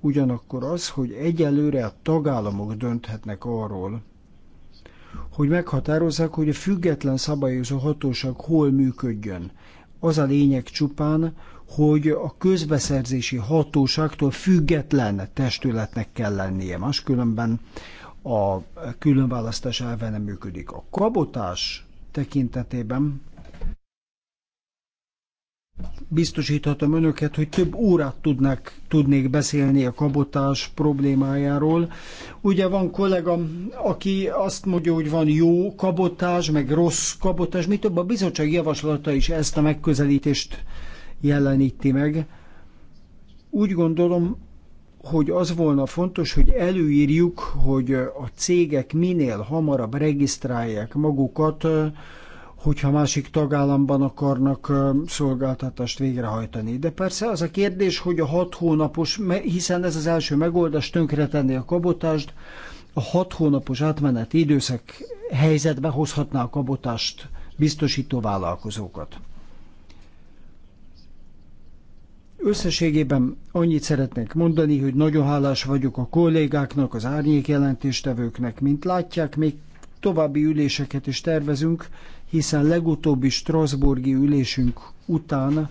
ugyanakkor az, hogy egyelőre a tagállamok dönthetnek arról, hogy meghatározzák, hogy a független szabályozó hatóság hol működjön. Az a lényeg csupán, hogy a közbeszerzési hatóságtól független testületnek kell lennie, máskülönben a különválasztás elve nem működik. A kabotás tekintetében biztosíthatom önöket, hogy több órát tudnak, tudnék beszélni a kabotás problémájáról. Ugye van kollega, aki azt mondja, hogy van jó kabotás, meg rossz kabotás, mi több a bizottság javaslata is ezt a megközelítést jeleníti meg. Úgy gondolom, hogy az volna fontos, hogy előírjuk, hogy a cégek minél hamarabb regisztrálják magukat, hogyha másik tagállamban akarnak szolgáltatást végrehajtani. De persze az a kérdés, hogy a hat hónapos, hiszen ez az első megoldás tönkretenni a kabotást, a hat hónapos átmeneti időszak helyzetbe hozhatná a kabotást biztosító vállalkozókat. Összességében annyit szeretnék mondani, hogy nagyon hálás vagyok a kollégáknak, az árnyék jelentéstevőknek, mint látják, még további üléseket is tervezünk, hiszen legutóbbi Strasburgi ülésünk után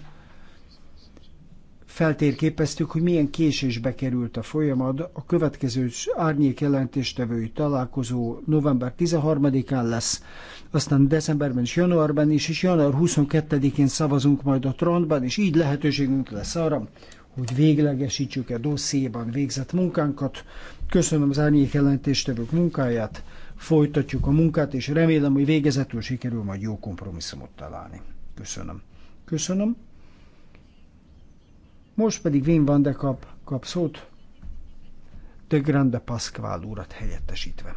feltérképeztük, hogy milyen késésbe került a folyamat. A következő árnyék jelentéstevői találkozó november 13-án lesz, aztán decemberben és januárban is, és január 22-én szavazunk majd a Trondban, és így lehetőségünk lesz arra, hogy véglegesítsük a dossziéban végzett munkánkat. Köszönöm az árnyék jelentéstevők munkáját, folytatjuk a munkát, és remélem, hogy végezetül sikerül majd jó kompromisszumot találni. Köszönöm. Köszönöm. Most pedig Wim van de kap, kap szót, de Grande Pasquale urat helyettesítve.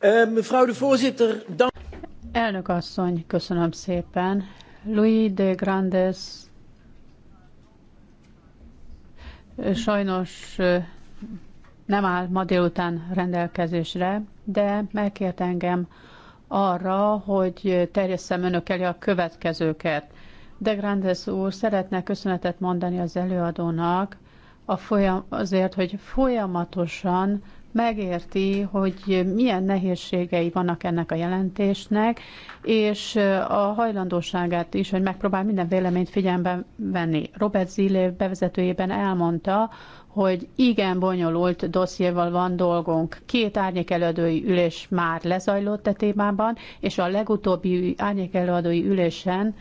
Mevrouw de voorzitter, dan... Elnök asszony, köszönöm szépen. Louis de Grandes sajnos nem áll ma délután rendelkezésre, de megkért engem arra, hogy terjesszem önök elé a következőket. De Grandes úr szeretne köszönetet mondani az előadónak a folyam, azért, hogy folyamatosan megérti, hogy milyen nehézségei vannak ennek a jelentésnek, és a hajlandóságát is, hogy megpróbál minden véleményt figyelembe venni. Robert Zillé bevezetőjében elmondta, hogy igen bonyolult dossziéval van dolgunk. Két árnyékelőadói ülés már lezajlott a e témában, és a legutóbbi árnyékelőadói ülésen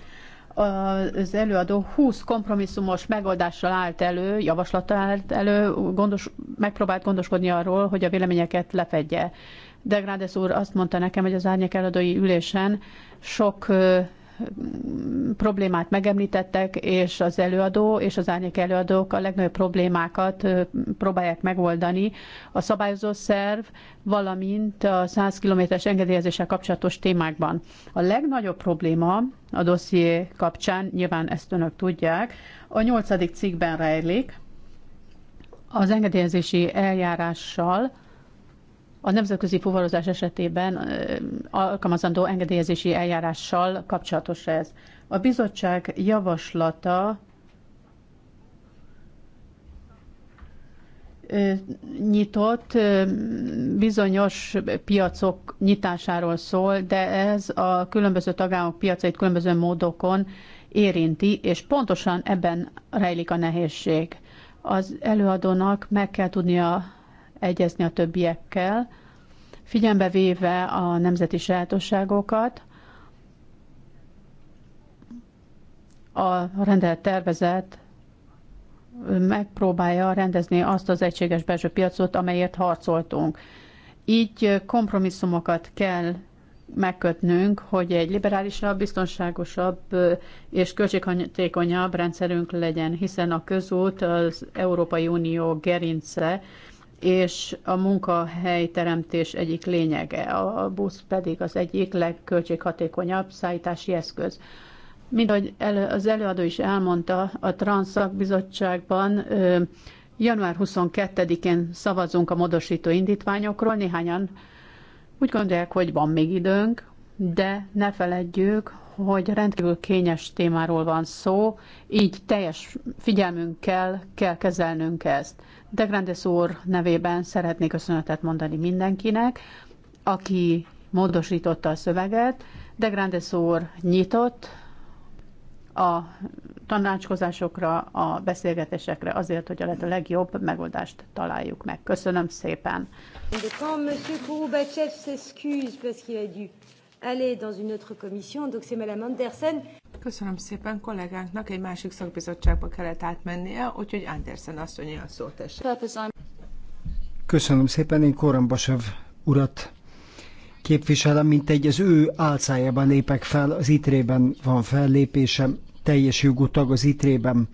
az előadó 20 kompromisszumos megoldással állt elő, javaslattal állt elő, gondos, megpróbált gondoskodni arról, hogy a véleményeket lefedje. De Degrádesz úr azt mondta nekem, hogy az árnyék eladói ülésen sok problémát megemlítettek, és az előadó és az árnyék előadók a legnagyobb problémákat próbálják megoldani. A szabályozó szerv, valamint a 100 kilométeres engedélyezéssel kapcsolatos témákban. A legnagyobb probléma a dosszié kapcsán, nyilván ezt önök tudják, a nyolcadik cikkben rejlik, az engedélyezési eljárással, a nemzetközi fuvarozás esetében alkalmazandó engedélyezési eljárással kapcsolatos ez. A bizottság javaslata nyitott, bizonyos piacok nyitásáról szól, de ez a különböző tagállamok piacait különböző módokon érinti, és pontosan ebben rejlik a nehézség. Az előadónak meg kell tudnia egyezni a többiekkel, figyelembe véve a nemzeti sajátosságokat, a rendelet tervezet megpróbálja rendezni azt az egységes belső piacot, amelyért harcoltunk. Így kompromisszumokat kell megkötnünk, hogy egy liberálisabb, biztonságosabb és költséghatékonyabb rendszerünk legyen, hiszen a közút az Európai Unió gerince, és a munkahelyteremtés egyik lényege, a busz pedig az egyik legköltséghatékonyabb szállítási eszköz. Mint ahogy elő, az előadó is elmondta, a Transzak Bizottságban január 22-én szavazunk a módosító indítványokról, néhányan úgy gondolják, hogy van még időnk, de ne feledjük, hogy rendkívül kényes témáról van szó, így teljes figyelmünkkel kell kezelnünk ezt. De Grandes úr nevében szeretnék köszönetet mondani mindenkinek, aki módosította a szöveget. De Grandes úr nyitott a tanácskozásokra, a beszélgetésekre azért, hogy a lehető legjobb megoldást találjuk meg. Köszönöm szépen! De quand aller dans une autre commission, donc c'est Madame Andersen. Köszönöm szépen kollégánknak, egy másik szakbizottságba kellett átmennie, úgyhogy Andersen mondja a szót Köszönöm szépen, én Koran Basav urat képviselem, mint egy az ő álcájában lépek fel, az itrében van fellépésem, teljes jogú tag az itrében,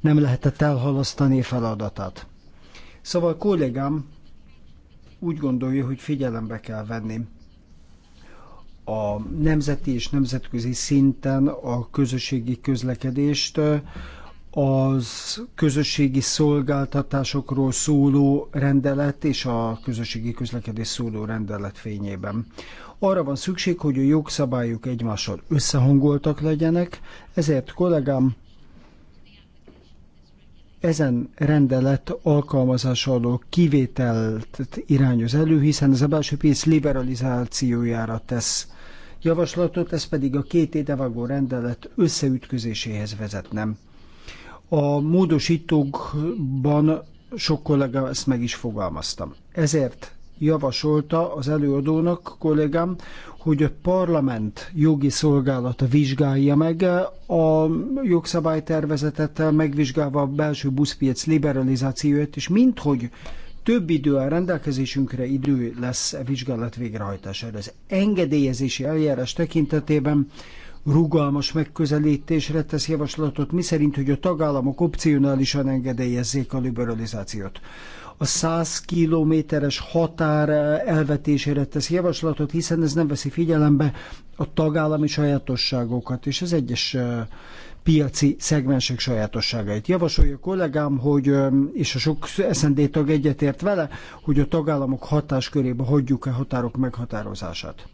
nem lehetett elhalasztani feladatát. Szóval kollégám úgy gondolja, hogy figyelembe kell venni a nemzeti és nemzetközi szinten a közösségi közlekedést, az közösségi szolgáltatásokról szóló rendelet és a közösségi közlekedés szóló rendelet fényében. Arra van szükség, hogy a jogszabályok egymással összehangoltak legyenek, ezért kollégám ezen rendelet alkalmazása alól kivételt irányoz elő, hiszen ez a belső piac liberalizációjára tesz javaslatot, ez pedig a két édevágó rendelet összeütközéséhez vezetne. A módosítókban sok kollega ezt meg is fogalmaztam. Ezért javasolta az előadónak, kollégám, hogy a parlament jogi szolgálata vizsgálja meg a jogszabálytervezetet, megvizsgálva a belső buszpiac liberalizációját, és minthogy több idő áll rendelkezésünkre, idő lesz a e vizsgálat végrehajtására. Az engedélyezési eljárás tekintetében rugalmas megközelítésre tesz javaslatot, miszerint, hogy a tagállamok opcionálisan engedélyezzék a liberalizációt. A 100 kilométeres határ elvetésére tesz javaslatot, hiszen ez nem veszi figyelembe a tagállami sajátosságokat, és az egyes piaci szegmensek sajátosságait. Javasolja a kollégám, hogy, és a sok SZND tag egyetért vele, hogy a tagállamok hatáskörébe hagyjuk-e határok meghatározását.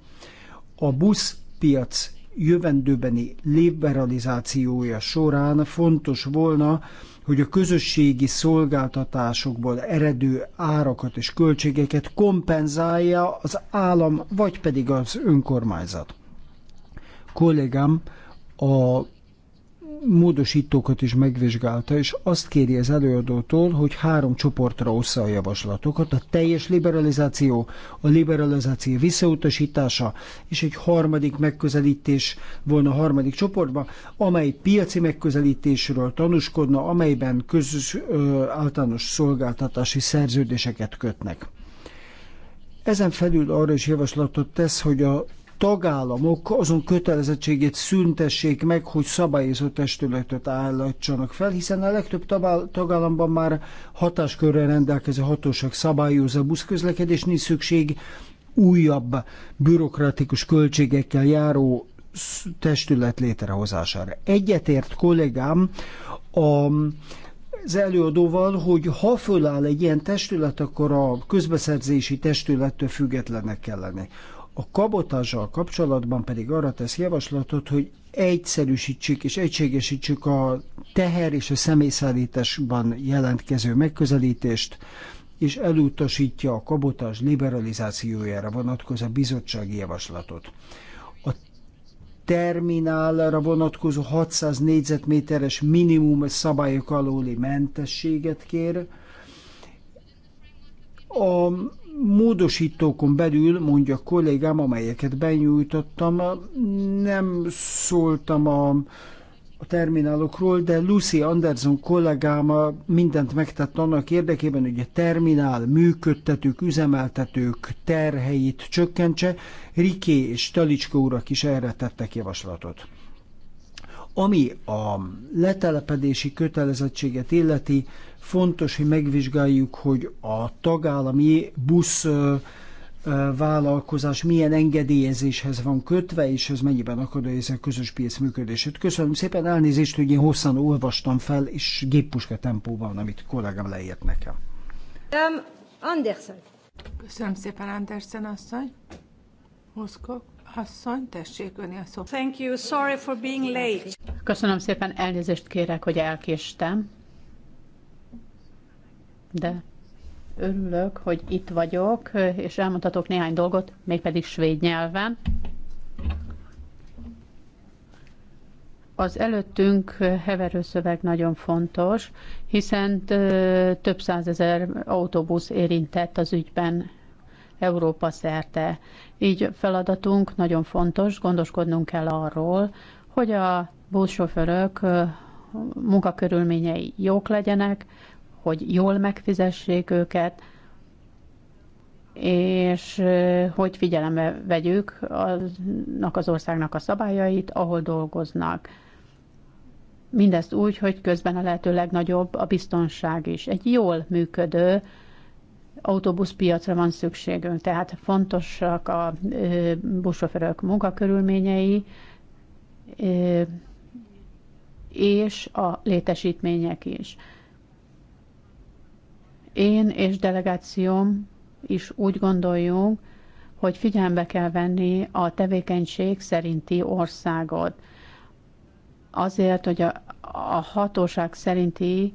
A buszpiac jövendőbeni liberalizációja során fontos volna, hogy a közösségi szolgáltatásokból eredő árakat és költségeket kompenzálja az állam, vagy pedig az önkormányzat. Kollégám a módosítókat is megvizsgálta, és azt kéri az előadótól, hogy három csoportra ossza a javaslatokat. A teljes liberalizáció, a liberalizáció visszautasítása, és egy harmadik megközelítés volna a harmadik csoportba, amely piaci megközelítésről tanúskodna, amelyben közös ö, általános szolgáltatási szerződéseket kötnek. Ezen felül arra is javaslatot tesz, hogy a tagállamok azon kötelezettségét szüntessék meg, hogy szabályozó testületet állítsanak fel, hiszen a legtöbb tagállamban már hatáskörrel rendelkező hatóság szabályozza a buszközlekedés, nincs szükség újabb bürokratikus költségekkel járó testület létrehozására. Egyetért kollégám a az előadóval, hogy ha föláll egy ilyen testület, akkor a közbeszerzési testülettől függetlenek kell lenni. A kabotással kapcsolatban pedig arra tesz javaslatot, hogy egyszerűsítsük és egységesítsük a teher és a személyszállításban jelentkező megközelítést, és elutasítja a kabotás liberalizációjára vonatkozó bizottsági javaslatot. A terminálra vonatkozó 600 négyzetméteres minimum szabályok alóli mentességet kér. A módosítókon belül, mondja a kollégám, amelyeket benyújtottam, nem szóltam a, a terminálokról, de Lucy Anderson kollégám mindent megtett annak érdekében, hogy a terminál működtetők, üzemeltetők terheit csökkentse. Riké és Talicska urak is erre tettek javaslatot. Ami a letelepedési kötelezettséget illeti, Fontos, hogy megvizsgáljuk, hogy a tagállami busz vállalkozás milyen engedélyezéshez van kötve, és ez mennyiben akadályozza a közös piac működését. Köszönöm szépen, elnézést, hogy én hosszan olvastam fel, és géppuska tempóban, amit kollégám leírt nekem. Um, Anderson. Köszönöm szépen, Andersen asszony. Moszkok asszony, tessék öni a szó. Thank you, sorry for being late. Köszönöm szépen, elnézést kérek, hogy elkéstem de örülök, hogy itt vagyok, és elmondhatok néhány dolgot, mégpedig svéd nyelven. Az előttünk heverő szöveg nagyon fontos, hiszen több százezer autóbusz érintett az ügyben Európa szerte. Így feladatunk nagyon fontos, gondoskodnunk kell arról, hogy a buszsofőrök munkakörülményei jók legyenek, hogy jól megfizessék őket, és hogy figyelembe vegyük annak az országnak a szabályait, ahol dolgoznak. Mindezt úgy, hogy közben a lehető legnagyobb a biztonság is. Egy jól működő autóbuszpiacra van szükségünk, tehát fontosak a buszsofőrök munkakörülményei, és a létesítmények is. Én és delegációm is úgy gondoljunk, hogy figyelembe kell venni a tevékenység szerinti országot. Azért, hogy a, a hatóság szerinti,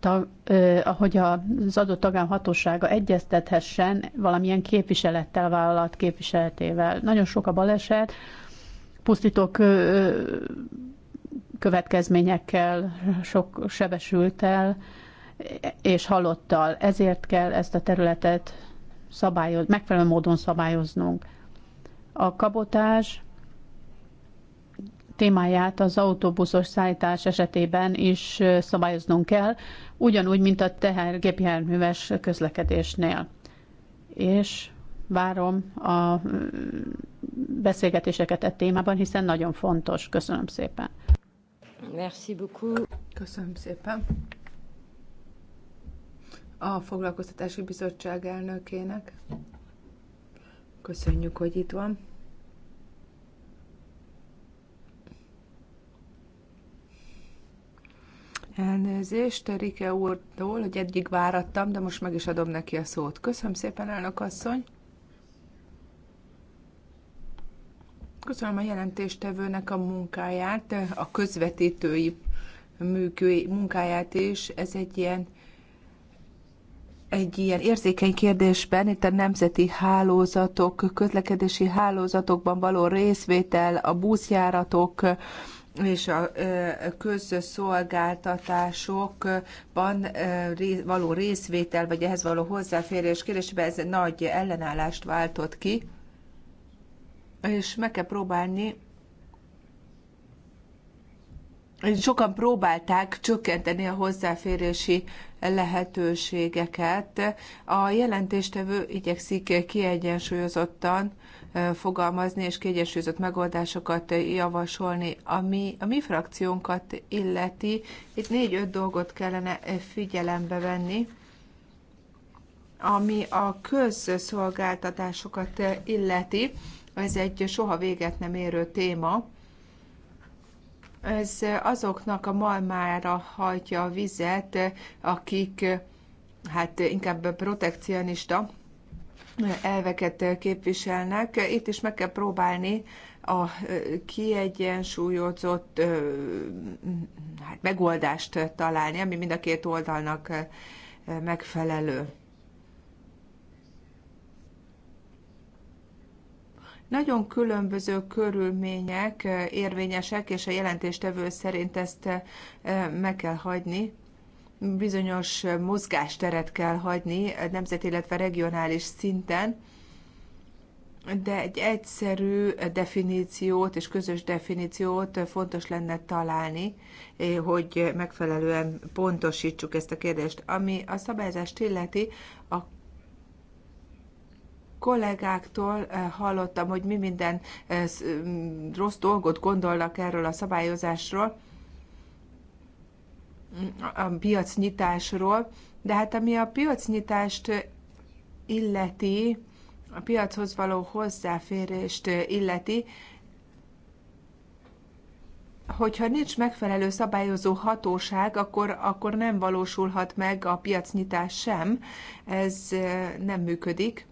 tag, ö, hogy az adott tagám hatósága egyeztethessen valamilyen képviselettel, vállalat képviseletével. Nagyon sok a baleset, pusztító következményekkel, sok sebesültel, és halottal. Ezért kell ezt a területet szabályoz, megfelelő módon szabályoznunk. A kabotás témáját az autóbuszos szállítás esetében is szabályoznunk kell, ugyanúgy, mint a tehergépjárműves közlekedésnél. És várom a beszélgetéseket e témában, hiszen nagyon fontos. Köszönöm szépen. Merci beaucoup. Köszönöm szépen a Foglalkoztatási Bizottság elnökének. Köszönjük, hogy itt van. Elnézést, Rike úrtól, hogy eddig várattam, de most meg is adom neki a szót. Köszönöm szépen, elnök asszony. Köszönöm a jelentéstevőnek a munkáját, a közvetítői munkáját is. Ez egy ilyen egy ilyen érzékeny kérdésben, itt a nemzeti hálózatok, közlekedési hálózatokban való részvétel, a buszjáratok, és a közszolgáltatásokban való részvétel, vagy ehhez való hozzáférés kérdésében ez nagy ellenállást váltott ki, és meg kell próbálni sokan próbálták csökkenteni a hozzáférési lehetőségeket. A jelentéstevő igyekszik kiegyensúlyozottan fogalmazni és kiegyensúlyozott megoldásokat javasolni. Ami a mi frakciónkat illeti, itt négy-öt dolgot kellene figyelembe venni ami a közszolgáltatásokat illeti, ez egy soha véget nem érő téma. Ez azoknak a malmára hajtja a vizet, akik hát inkább protekcionista elveket képviselnek. Itt is meg kell próbálni a kiegyensúlyozott hát megoldást találni, ami mind a két oldalnak megfelelő. Nagyon különböző körülmények eh, érvényesek, és a jelentéstevő szerint ezt eh, meg kell hagyni, bizonyos mozgásteret kell hagyni eh, nemzeti, illetve regionális szinten, de egy egyszerű definíciót és közös definíciót fontos lenne találni, hogy megfelelően pontosítsuk ezt a kérdést. Ami a szabályzást illeti, a kollégáktól eh, hallottam, hogy mi minden eh, mm, rossz dolgot gondolnak erről a szabályozásról, a piacnyitásról, de hát ami a piacnyitást illeti, a piachoz való hozzáférést illeti, hogyha nincs megfelelő szabályozó hatóság, akkor, akkor nem valósulhat meg a piacnyitás sem, ez eh, nem működik.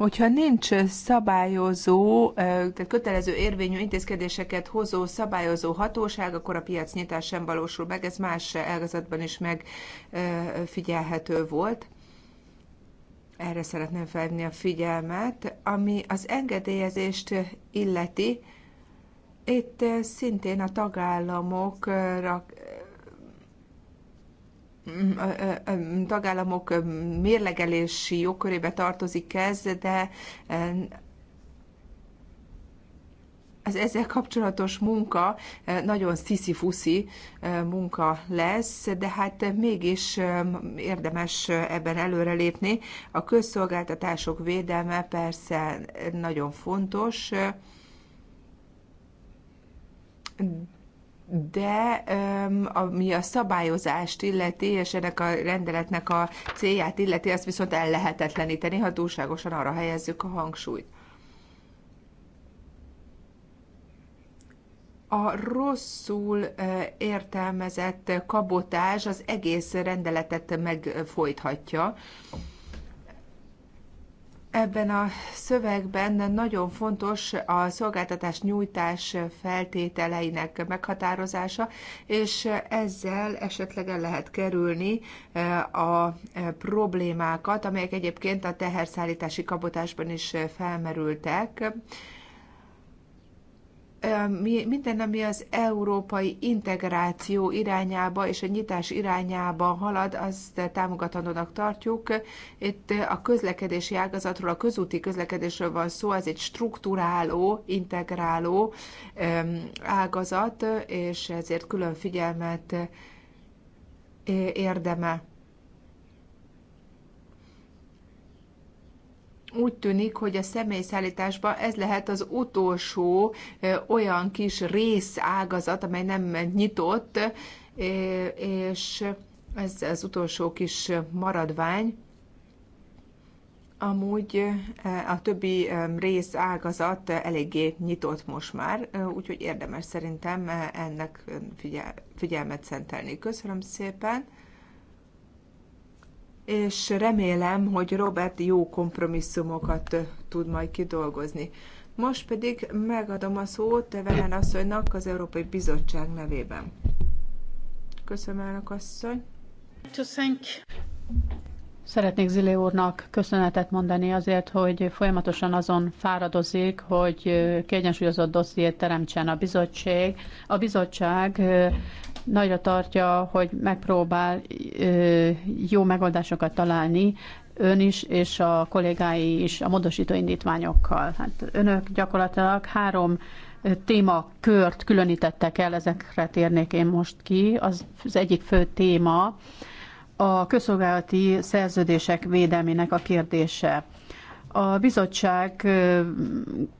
hogyha nincs szabályozó, tehát kötelező érvényű intézkedéseket hozó szabályozó hatóság, akkor a piac nyitás sem valósul meg. Ez más ágazatban is megfigyelhető volt. Erre szeretném felvenni a figyelmet. Ami az engedélyezést illeti, itt szintén a tagállamokra tagállamok mérlegelési jogkörébe tartozik ez, de eh, az ezzel kapcsolatos munka eh, nagyon sziszi-fuszi eh, munka lesz, de hát mégis érdemes ebben előrelépni. A közszolgáltatások védelme persze nagyon fontos, de ami a szabályozást illeti, és ennek a rendeletnek a célját illeti, azt viszont el lehetetleníteni, ha túlságosan arra helyezzük a hangsúlyt. a rosszul értelmezett kabotás az egész rendeletet megfojthatja. Ebben a szövegben nagyon fontos a szolgáltatás nyújtás feltételeinek meghatározása, és ezzel esetleg el lehet kerülni eh, a eh, problémákat, amelyek egyébként a teherszállítási kabotásban is eh, felmerültek minden, ami az európai integráció irányába és a nyitás irányába halad, azt támogatandónak tartjuk. Itt a közlekedési ágazatról, a közúti közlekedésről van szó, ez egy strukturáló, integráló ágazat, és ezért külön figyelmet érdemel. úgy tűnik, hogy a személyszállításban ez lehet az utolsó olyan kis részágazat, amely nem nyitott, és ez az utolsó kis maradvány. Amúgy a többi rész ágazat eléggé nyitott most már, úgyhogy érdemes szerintem ennek figyel- figyelmet szentelni. Köszönöm szépen! és remélem, hogy Robert jó kompromisszumokat tud majd kidolgozni. Most pedig megadom a szót Velen asszonynak az Európai Bizottság nevében. Köszönöm, elnök asszony. Szeretnék Zilé úrnak köszönetet mondani azért, hogy folyamatosan azon fáradozik, hogy kiegyensúlyozott dossziét teremtsen a bizottság. A bizottság nagyra tartja, hogy megpróbál jó megoldásokat találni, ön is és a kollégái is a módosító indítványokkal. Hát önök gyakorlatilag három témakört különítettek el, ezekre térnék én most ki. Az, az egyik fő téma a közszolgálati szerződések védelmének a kérdése. A bizottság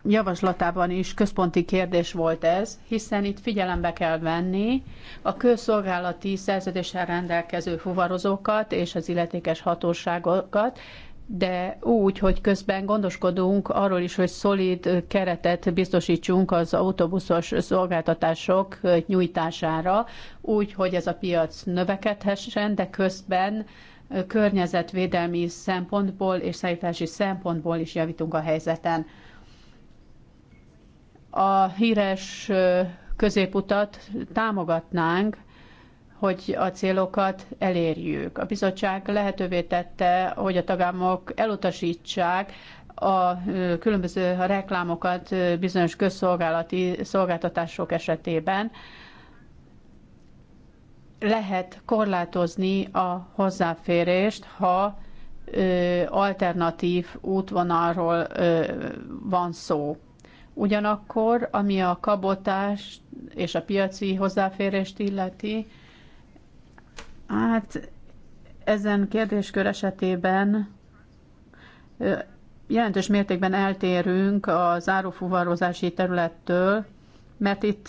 javaslatában is központi kérdés volt ez, hiszen itt figyelembe kell venni a közszolgálati szerződéssel rendelkező fuvarozókat és az illetékes hatóságokat, de úgy, hogy közben gondoskodunk arról is, hogy szolid keretet biztosítsunk az autóbuszos szolgáltatások nyújtására, úgy, hogy ez a piac növekedhessen, de közben környezetvédelmi szempontból és szállítási szempontból is javítunk a helyzeten. A híres középutat támogatnánk, hogy a célokat elérjük. A bizottság lehetővé tette, hogy a tagállamok elutasítsák a különböző reklámokat bizonyos közszolgálati szolgáltatások esetében, lehet korlátozni a hozzáférést, ha alternatív útvonalról van szó. Ugyanakkor, ami a kabotás és a piaci hozzáférést illeti, hát ezen kérdéskör esetében jelentős mértékben eltérünk az árufuvarozási területtől, mert itt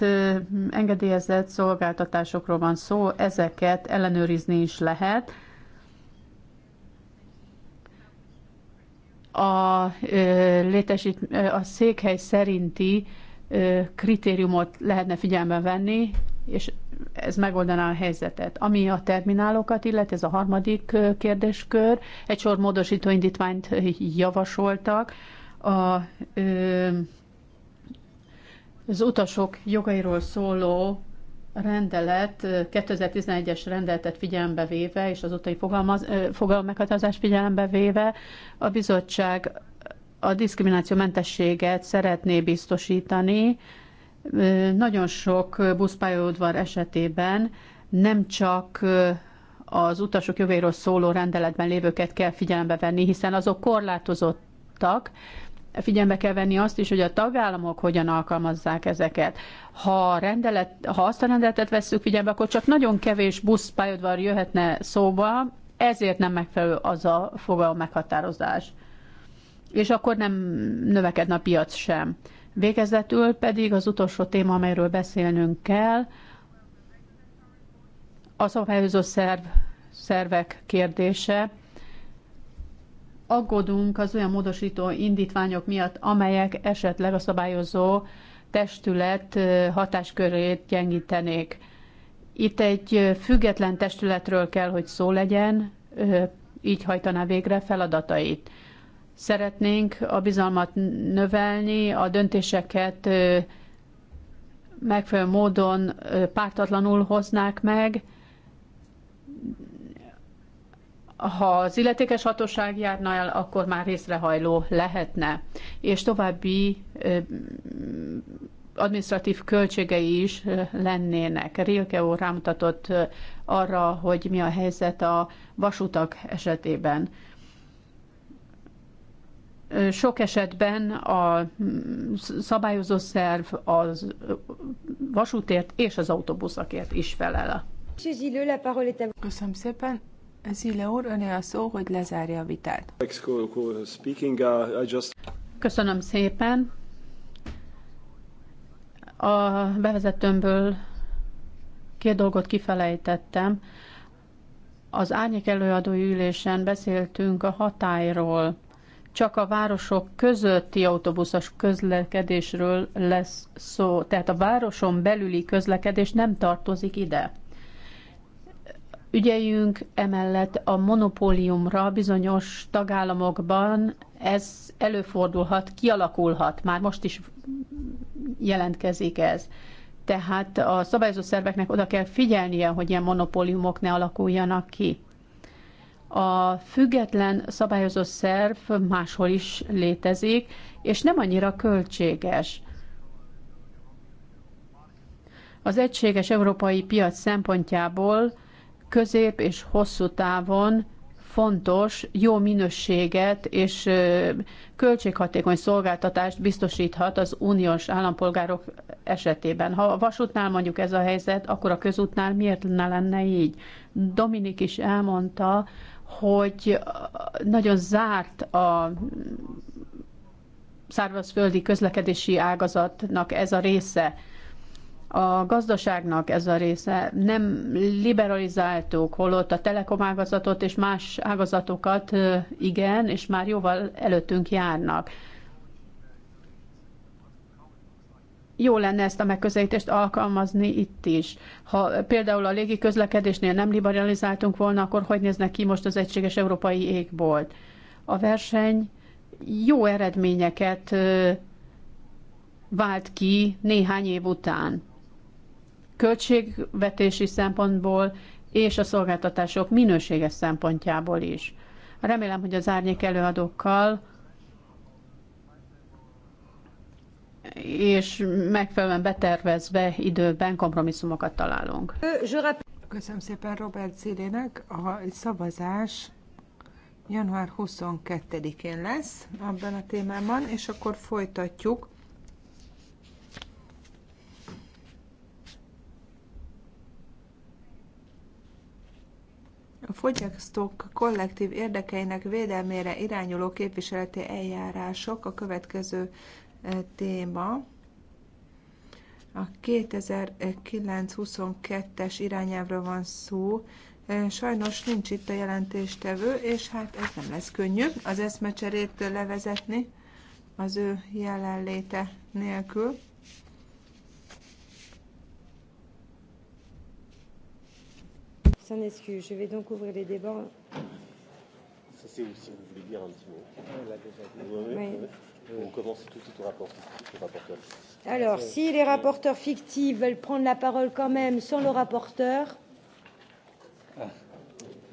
engedélyezett szolgáltatásokról van szó, ezeket ellenőrizni is lehet. A, létesít, a székhely szerinti kritériumot lehetne figyelembe venni, és ez megoldaná a helyzetet. Ami a terminálokat illeti, ez a harmadik kérdéskör, egy sor módosító indítványt javasoltak. A, ö, az utasok jogairól szóló rendelet 2011-es rendeletet figyelembe véve, és az utai fogalmeghatározást figyelembe véve a bizottság a diszkriminációmentességet szeretné biztosítani. Nagyon sok buszpályaudvar esetében nem csak az utasok jogairól szóló rendeletben lévőket kell figyelembe venni, hiszen azok korlátozottak, Figyelme kell venni azt is, hogy a tagállamok hogyan alkalmazzák ezeket. Ha, rendelet, ha azt a rendeletet vesszük figyelembe, akkor csak nagyon kevés buszpályadvar jöhetne szóba, ezért nem megfelelő az a fogalom meghatározás. És akkor nem növekedne a piac sem. Végezetül pedig az utolsó téma, amelyről beszélnünk kell, a szabályozó szerv, szervek kérdése aggódunk az olyan módosító indítványok miatt, amelyek esetleg a szabályozó testület hatáskörét gyengítenék. Itt egy független testületről kell, hogy szó legyen, így hajtaná végre feladatait. Szeretnénk a bizalmat növelni, a döntéseket megfelelő módon pártatlanul hoznák meg, ha az illetékes hatóság járna el, akkor már részrehajló lehetne. És további administratív költségei is lennének. Rilke úr rámutatott arra, hogy mi a helyzet a vasutak esetében. Sok esetben a mm, szabályozó szerv az vasútért és az autóbuszakért is felel. Köszönöm szépen. Szíle úr, öné a szó, hogy lezárja a vitát. Köszönöm szépen. A bevezetőmből két dolgot kifelejtettem. Az árnyék előadói ülésen beszéltünk a hatályról. Csak a városok közötti autóbuszos közlekedésről lesz szó, tehát a városon belüli közlekedés nem tartozik ide ügyeljünk emellett a monopóliumra bizonyos tagállamokban, ez előfordulhat, kialakulhat, már most is jelentkezik ez. Tehát a szabályozó szerveknek oda kell figyelnie, hogy ilyen monopóliumok ne alakuljanak ki. A független szabályozó szerv máshol is létezik, és nem annyira költséges. Az egységes európai piac szempontjából közép és hosszú távon fontos, jó minőséget és költséghatékony szolgáltatást biztosíthat az uniós állampolgárok esetében. Ha a vasútnál mondjuk ez a helyzet, akkor a közútnál miért ne lenne így? Dominik is elmondta, hogy nagyon zárt a szárvazföldi közlekedési ágazatnak ez a része a gazdaságnak ez a része. Nem liberalizáltuk, holott a telekomágazatot és más ágazatokat igen, és már jóval előttünk járnak. jó lenne ezt a megközelítést alkalmazni itt is. Ha például a légi közlekedésnél nem liberalizáltunk volna, akkor hogy néznek ki most az egységes európai égbolt? A verseny jó eredményeket vált ki néhány év után költségvetési szempontból és a szolgáltatások minőséges szempontjából is. Remélem, hogy az árnyék előadókkal és megfelelően betervezve időben kompromisszumokat találunk. Köszönöm szépen Robert Zilének. A szavazás január 22-én lesz abban a témában, és akkor folytatjuk a fogyasztók kollektív érdekeinek védelmére irányuló képviseleti eljárások a következő eh, téma. A 2009-22-es irányelvről van szó. Eh, sajnos nincs itt a jelentéstevő, és hát ez nem lesz könnyű az eszmecserét levezetni az ő jelenléte nélkül. s'en excuse. Je vais donc ouvrir les débats. Ça, c'est aussi, vous voulez dire un petit mot. Oui. On commence tout de suite au rapport. Au rapporteur. Alors, si les rapporteurs fictifs veulent prendre la parole quand même sans le rapporteur. Ah.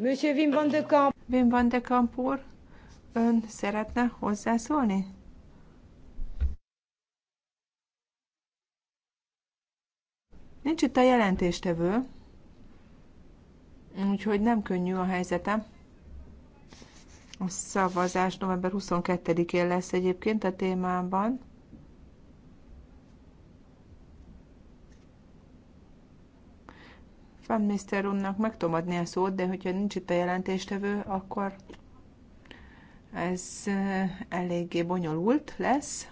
Monsieur Wim van de Kamp. Wim van de Kamp úr, ön szeretne hozzászólni? Nincs itt a jelentéstevő. Úgyhogy nem könnyű a helyzetem. A szavazás november 22-én lesz egyébként a témában. Van Mr. Unnak meg tudom adni a szót, de hogyha nincs itt bejelentéstevő, akkor ez eh, eléggé bonyolult lesz.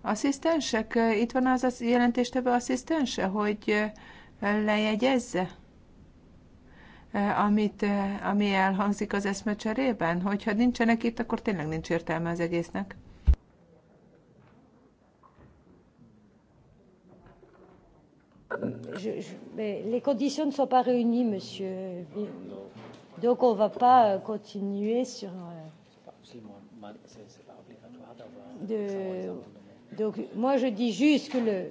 Asszisztensek? Itt van az, az jelentéstevő asszisztense, hogy eh, lejegyezze? Eh, amit, eh, ami elhangzik az eszmecserében? Hogyha nincsenek itt, akkor tényleg nincs értelme az egésznek. je, je, les conditions ne sont pas réunies, monsieur. Donc on ne va pas euh, continuer sur. Euh, de, Donc, moi je dis juste que le...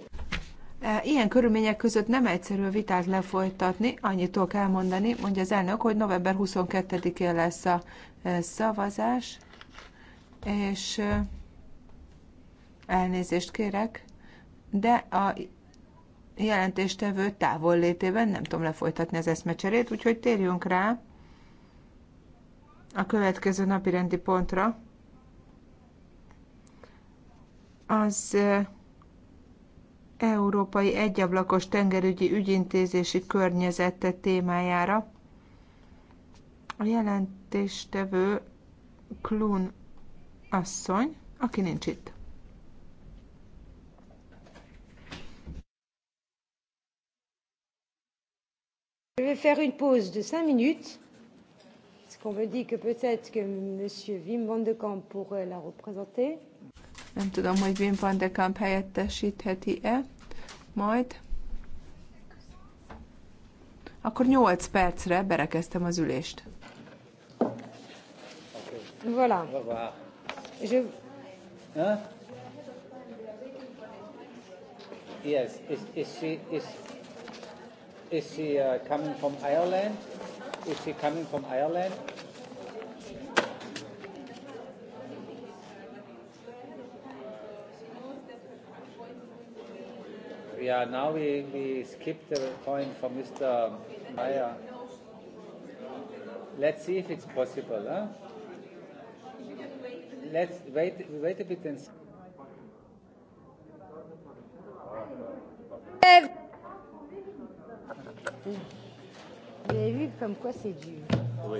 E, ilyen körülmények között nem egyszerű a vitát lefolytatni, annyit kell mondani. mondja az elnök, hogy november 22-én lesz a e, szavazás, és e, elnézést kérek, de a jelentéstevő távol létében nem tudom lefolytatni az eszmecserét, úgyhogy térjünk rá a következő napi rendi pontra az Európai Egyablakos Tengerügyi Ügyintézési Környezete témájára. A jelentéstevő Klun asszony, aki nincs itt. Je vais faire une pause de 5 minutes, parce qu'on me dit que peut-être que M. Wim van de Kamp pourrait la représenter. Nem tudom, hogy Wim van de Kamp helyettesítheti-e majd. Akkor 8 percre berekeztem az ülést. Voilà. Je... Hein? Yes, is, is she is is she uh, coming from Ireland? Is she coming from Ireland? yeah, now we, we skip the point for Mr. Meyer. Let's see if it's possible. Huh? Let's wait, wait a bit and see. Vous avez vu comme quoi c'est dur. Oui.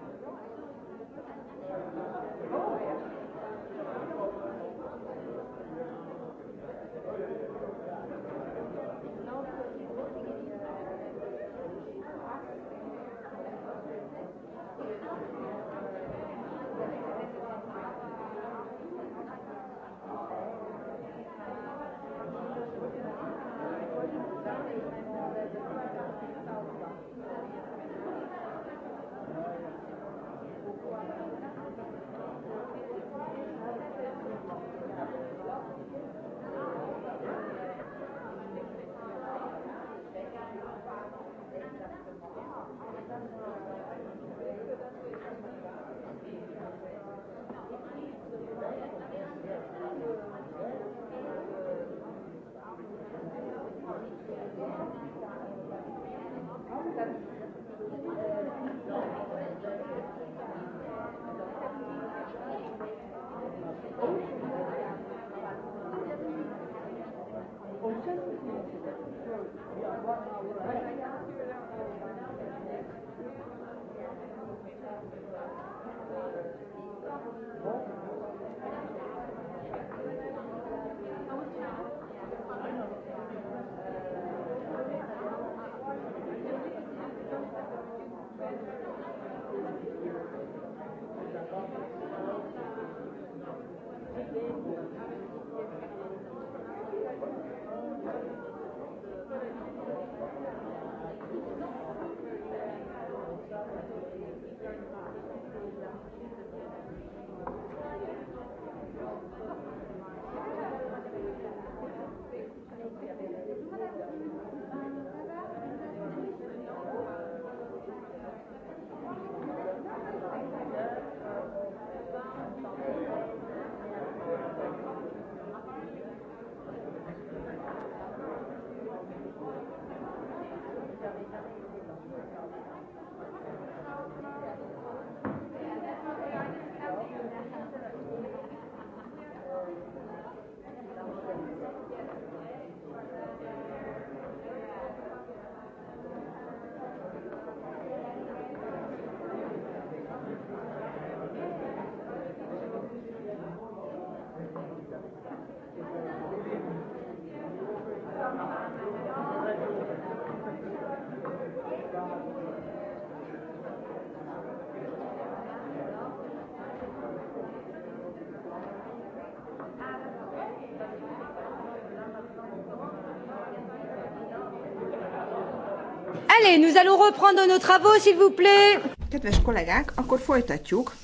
Allez, nous allons reprendre nos travaux, s'il vous plaît. Kedves kollégák, akkor folytatjuk.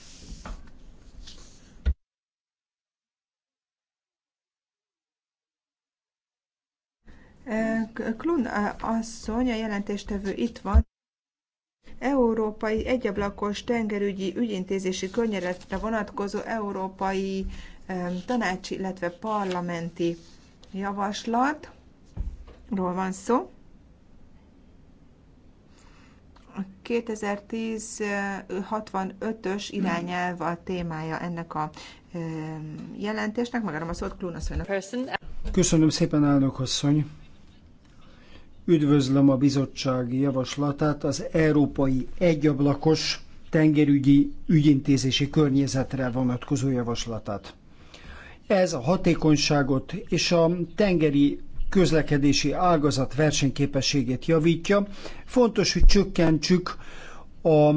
Eh, Klun eh, asszony, a jelentéstevő itt van. Európai Egyablakos Tengerügyi Ügyintézési Környezetre vonatkozó Európai eh, Tanácsi, illetve parlamenti javaslatról van szó. 2010 65-ös irányelv a témája ennek a jelentésnek. Megadom a szót Klúnasszonynak. Köszönöm szépen, elnökasszony! Üdvözlöm a bizottsági javaslatát az Európai Egyablakos Tengerügyi Ügyintézési Környezetre vonatkozó javaslatát. Ez a hatékonyságot és a tengeri közlekedési ágazat versenyképességét javítja. Fontos, hogy csökkentsük a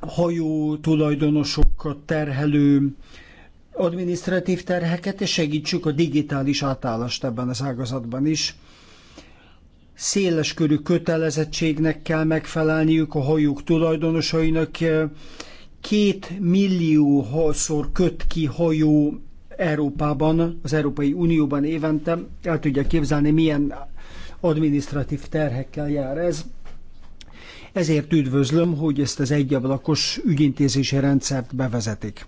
hajó tulajdonosokat terhelő adminisztratív terheket, és segítsük a digitális átállást ebben az ágazatban is. Széles körű kötelezettségnek kell megfelelniük a hajók tulajdonosainak. Két millió szor köt ki hajó Európában, az Európai Unióban évente el tudja képzelni, milyen administratív terhekkel jár ez. Ezért üdvözlöm, hogy ezt az egyablakos ügyintézési rendszert bevezetik.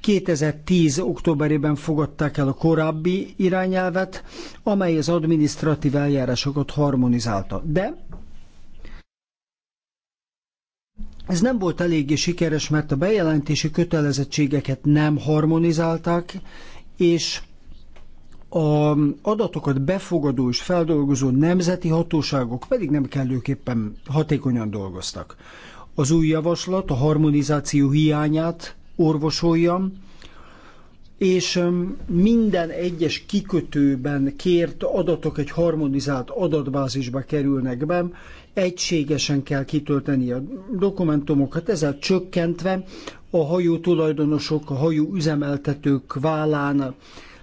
2010. októberében fogadták el a korábbi irányelvet, amely az adminisztratív eljárásokat harmonizálta. De ez nem volt eléggé sikeres, mert a bejelentési kötelezettségeket nem harmonizálták, és a adatokat befogadó és feldolgozó nemzeti hatóságok pedig nem kellőképpen hatékonyan dolgoztak. Az új javaslat a harmonizáció hiányát orvosolja, és minden egyes kikötőben kért adatok egy harmonizált adatbázisba kerülnek be, egységesen kell kitölteni a dokumentumokat, ezzel csökkentve a hajó tulajdonosok, a hajó üzemeltetők vállán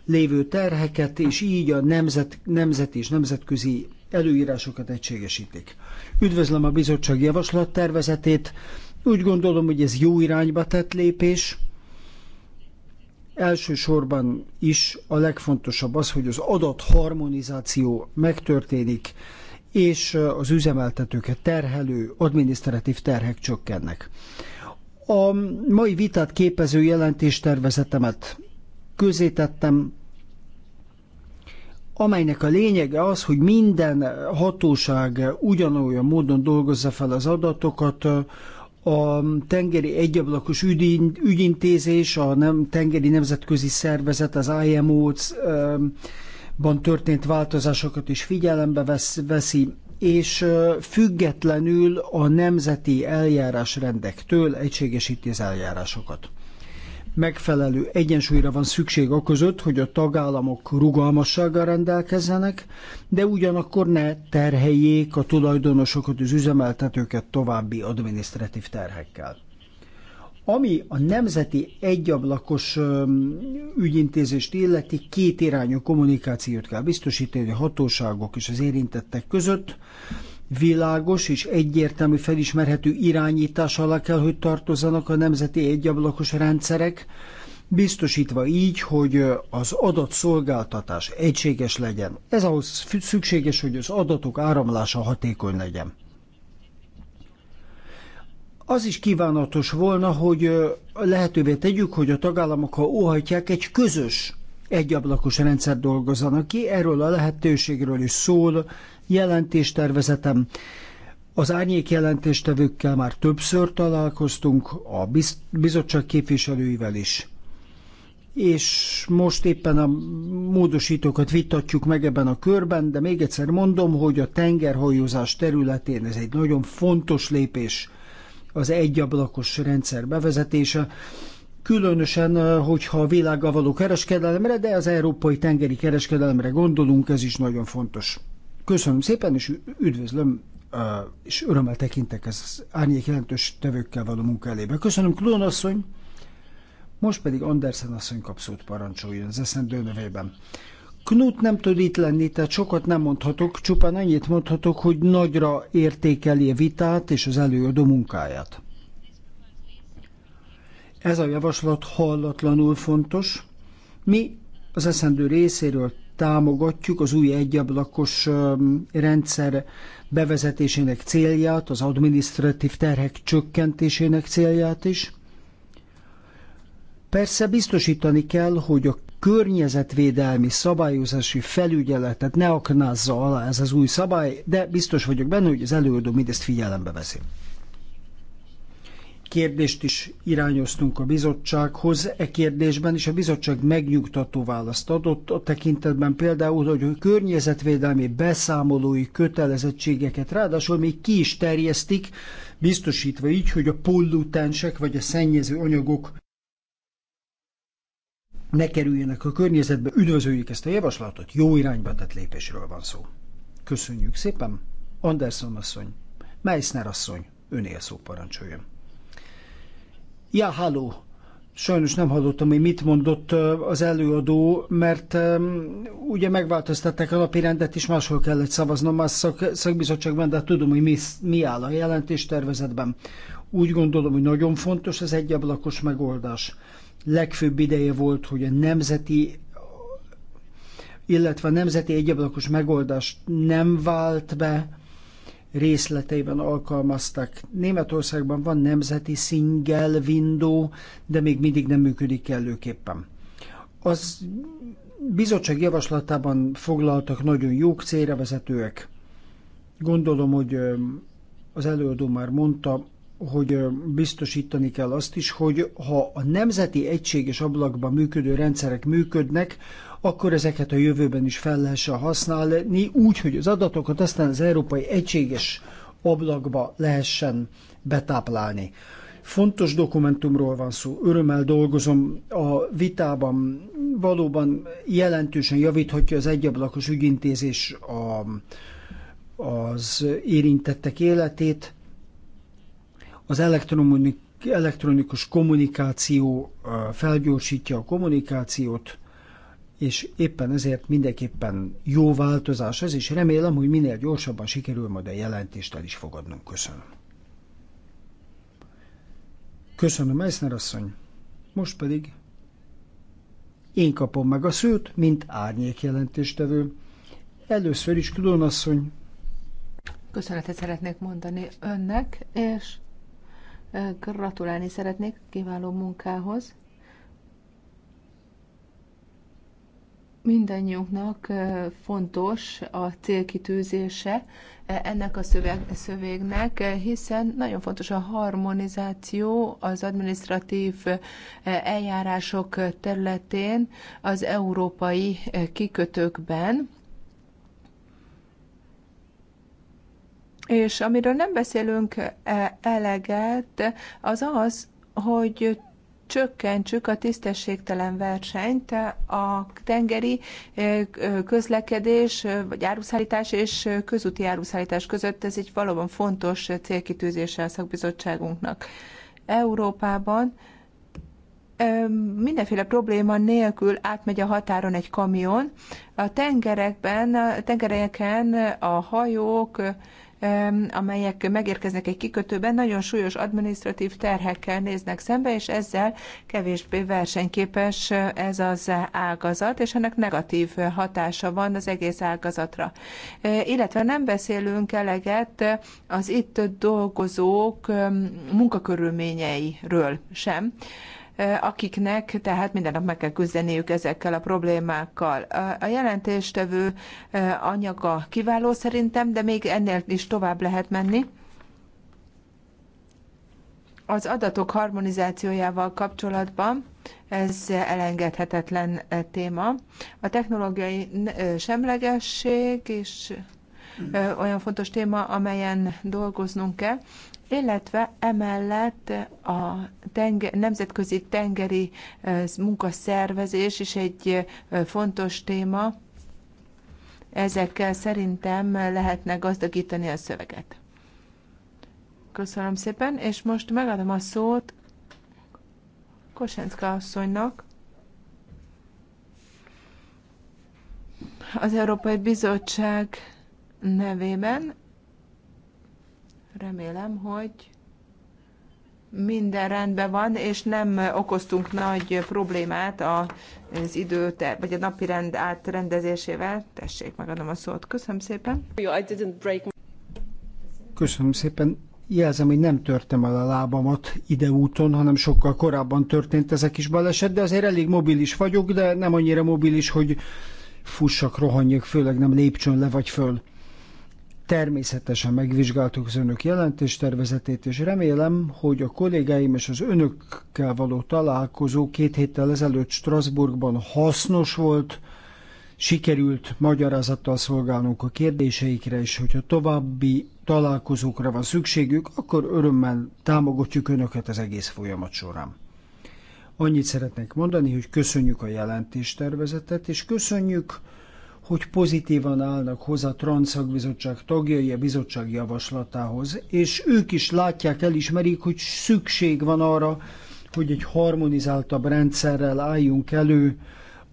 lévő terheket, és így a nemzet, nemzet és nemzetközi előírásokat egységesítik. Üdvözlöm a bizottság javaslattervezetét, úgy gondolom, hogy ez jó irányba tett lépés, Elsősorban is a legfontosabb az, hogy az adatharmonizáció megtörténik, és az üzemeltetőket terhelő adminisztratív terhek csökkennek. A mai vitát képező jelentéstervezetemet közétettem, amelynek a lényege az, hogy minden hatóság ugyanolyan módon dolgozza fel az adatokat, a tengeri egyablakos ügyintézés, a nem, tengeri nemzetközi szervezet, az IMO-ban történt változásokat is figyelembe veszi, és függetlenül a nemzeti eljárásrendektől egységesíti az eljárásokat megfelelő egyensúlyra van szükség a között, hogy a tagállamok rugalmassággal rendelkezzenek, de ugyanakkor ne terheljék a tulajdonosokat, az üzemeltetőket további adminisztratív terhekkel. Ami a nemzeti egyablakos ügyintézést illeti, két irányú kommunikációt kell biztosítani a hatóságok és az érintettek között, világos és egyértelmű felismerhető irányítás alá kell, hogy tartozzanak a nemzeti egyablakos rendszerek, biztosítva így, hogy az adatszolgáltatás egységes legyen. Ez ahhoz szükséges, hogy az adatok áramlása hatékony legyen. Az is kívánatos volna, hogy lehetővé tegyük, hogy a tagállamok, ha óhajtják, egy közös egyablakos rendszer dolgozzanak ki. Erről a lehetőségről is szól jelentéstervezetem. Az árnyék jelentéstevőkkel már többször találkoztunk, a biz bizottság képviselőivel is. És most éppen a módosítókat vitatjuk meg ebben a körben, de még egyszer mondom, hogy a tengerhajózás területén ez egy nagyon fontos lépés az egyablakos rendszer bevezetése különösen, hogyha a világgal való kereskedelemre, de az európai tengeri kereskedelemre gondolunk, ez is nagyon fontos. Köszönöm szépen, és üdvözlöm, és örömmel tekintek az árnyék jelentős tevőkkel való munka elébe. Köszönöm, Klón asszony! Most pedig Andersen asszony kap szót parancsoljon az eszendő nevében. Knut nem tud itt lenni, tehát sokat nem mondhatok, csupán annyit mondhatok, hogy nagyra értékeli a vitát és az előadó munkáját. Ez a javaslat hallatlanul fontos. Mi az eszendő részéről támogatjuk az új egyablakos rendszer bevezetésének célját, az administratív terhek csökkentésének célját is. Persze biztosítani kell, hogy a környezetvédelmi szabályozási felügyeletet ne aknázza alá ez az új szabály, de biztos vagyok benne, hogy az előadó mindezt figyelembe veszi kérdést is irányoztunk a bizottsághoz e kérdésben, és a bizottság megnyugtató választ adott a tekintetben például, hogy a környezetvédelmi beszámolói kötelezettségeket ráadásul még ki is terjesztik, biztosítva így, hogy a pollutensek vagy a szennyező anyagok ne kerüljenek a környezetbe. Üdvözöljük ezt a javaslatot, jó irányba tett lépésről van szó. Köszönjük szépen, Anderson asszony, Meissner asszony, önél szó parancsoljon. Ja, halló! Sajnos nem hallottam, hogy mit mondott az előadó, mert um, ugye megváltoztatták a napi rendet, és máshol kellett szavaznom a szak, szakbizottságban, de hát tudom, hogy mi, mi áll a jelentéstervezetben. Úgy gondolom, hogy nagyon fontos az egyablakos megoldás. Legfőbb ideje volt, hogy a nemzeti illetve a nemzeti egyablakos megoldás nem vált be, részleteiben alkalmaztak. Németországban van nemzeti single window, de még mindig nem működik kellőképpen. Az bizottság javaslatában foglaltak nagyon jó célra vezetőek. Gondolom, hogy az előadó már mondta, hogy biztosítani kell azt is, hogy ha a nemzeti egységes ablakban működő rendszerek működnek, akkor ezeket a jövőben is fel lehessen használni, úgy, hogy az adatokat aztán az európai egységes ablakba lehessen betáplálni. Fontos dokumentumról van szó, örömmel dolgozom a vitában, valóban jelentősen javíthatja az egyablakos ügyintézés a, az érintettek életét. Az elektronikus kommunikáció felgyorsítja a kommunikációt, és éppen ezért mindenképpen jó változás ez, és remélem, hogy minél gyorsabban sikerül majd a jelentést el is fogadnunk. Köszönöm. Köszönöm, Meissner asszony. Most pedig én kapom meg a szőt, mint árnyék jelentéstevő. Először is Kudon asszony. Köszönetet szeretnék mondani önnek, és eh, gratulálni szeretnék kiváló munkához mindannyiunknak fontos a célkitűzése ennek a szöveg, szövégnek, hiszen nagyon fontos a harmonizáció az administratív eljárások területén az európai kikötőkben, és amiről nem beszélünk eleget, az az, hogy csökkentsük a tisztességtelen versenyt a tengeri közlekedés, vagy áruszállítás és közúti áruszállítás között. Ez egy valóban fontos célkitűzése a szakbizottságunknak. Európában mindenféle probléma nélkül átmegy a határon egy kamion. A tengerekben, a tengereken a hajók amelyek megérkeznek egy kikötőben, nagyon súlyos administratív terhekkel néznek szembe, és ezzel kevésbé versenyképes ez az ágazat, és ennek negatív hatása van az egész ágazatra. E, illetve nem beszélünk eleget az itt dolgozók munkakörülményeiről sem akiknek tehát minden nap meg kell küzdeniük ezekkel a problémákkal. A jelentéstevő anyaga kiváló szerintem, de még ennél is tovább lehet menni. Az adatok harmonizációjával kapcsolatban ez elengedhetetlen téma. A technológiai semlegesség és olyan fontos téma, amelyen dolgoznunk kell, illetve emellett a tenge, nemzetközi tengeri munkaszervezés is egy fontos téma. Ezekkel szerintem lehetne gazdagítani a szöveget. Köszönöm szépen, és most megadom a szót Kosenszka asszonynak. Az Európai Bizottság nevében. Remélem, hogy minden rendben van, és nem okoztunk nagy problémát az időt, vagy a napi rend átrendezésével. Tessék, megadom a szót. Köszönöm szépen. Köszönöm szépen. Jelzem, hogy nem törtem el a lábamat ide úton, hanem sokkal korábban történt ez a kis baleset, de azért elég mobilis vagyok, de nem annyira mobilis, hogy fussak, rohanjak, főleg nem lépcsőn le vagy föl. Természetesen megvizsgáltuk az önök jelentéstervezetét, és remélem, hogy a kollégáim és az önökkel való találkozó két héttel ezelőtt Strasbourgban hasznos volt, sikerült magyarázattal szolgálnunk a kérdéseikre, és hogyha további találkozókra van szükségük, akkor örömmel támogatjuk önöket az egész folyamat során. Annyit szeretnék mondani, hogy köszönjük a jelentéstervezetet, és köszönjük, hogy pozitívan állnak hozzá a Transzakbizottság tagjai a bizottság javaslatához, és ők is látják, elismerik, hogy szükség van arra, hogy egy harmonizáltabb rendszerrel álljunk elő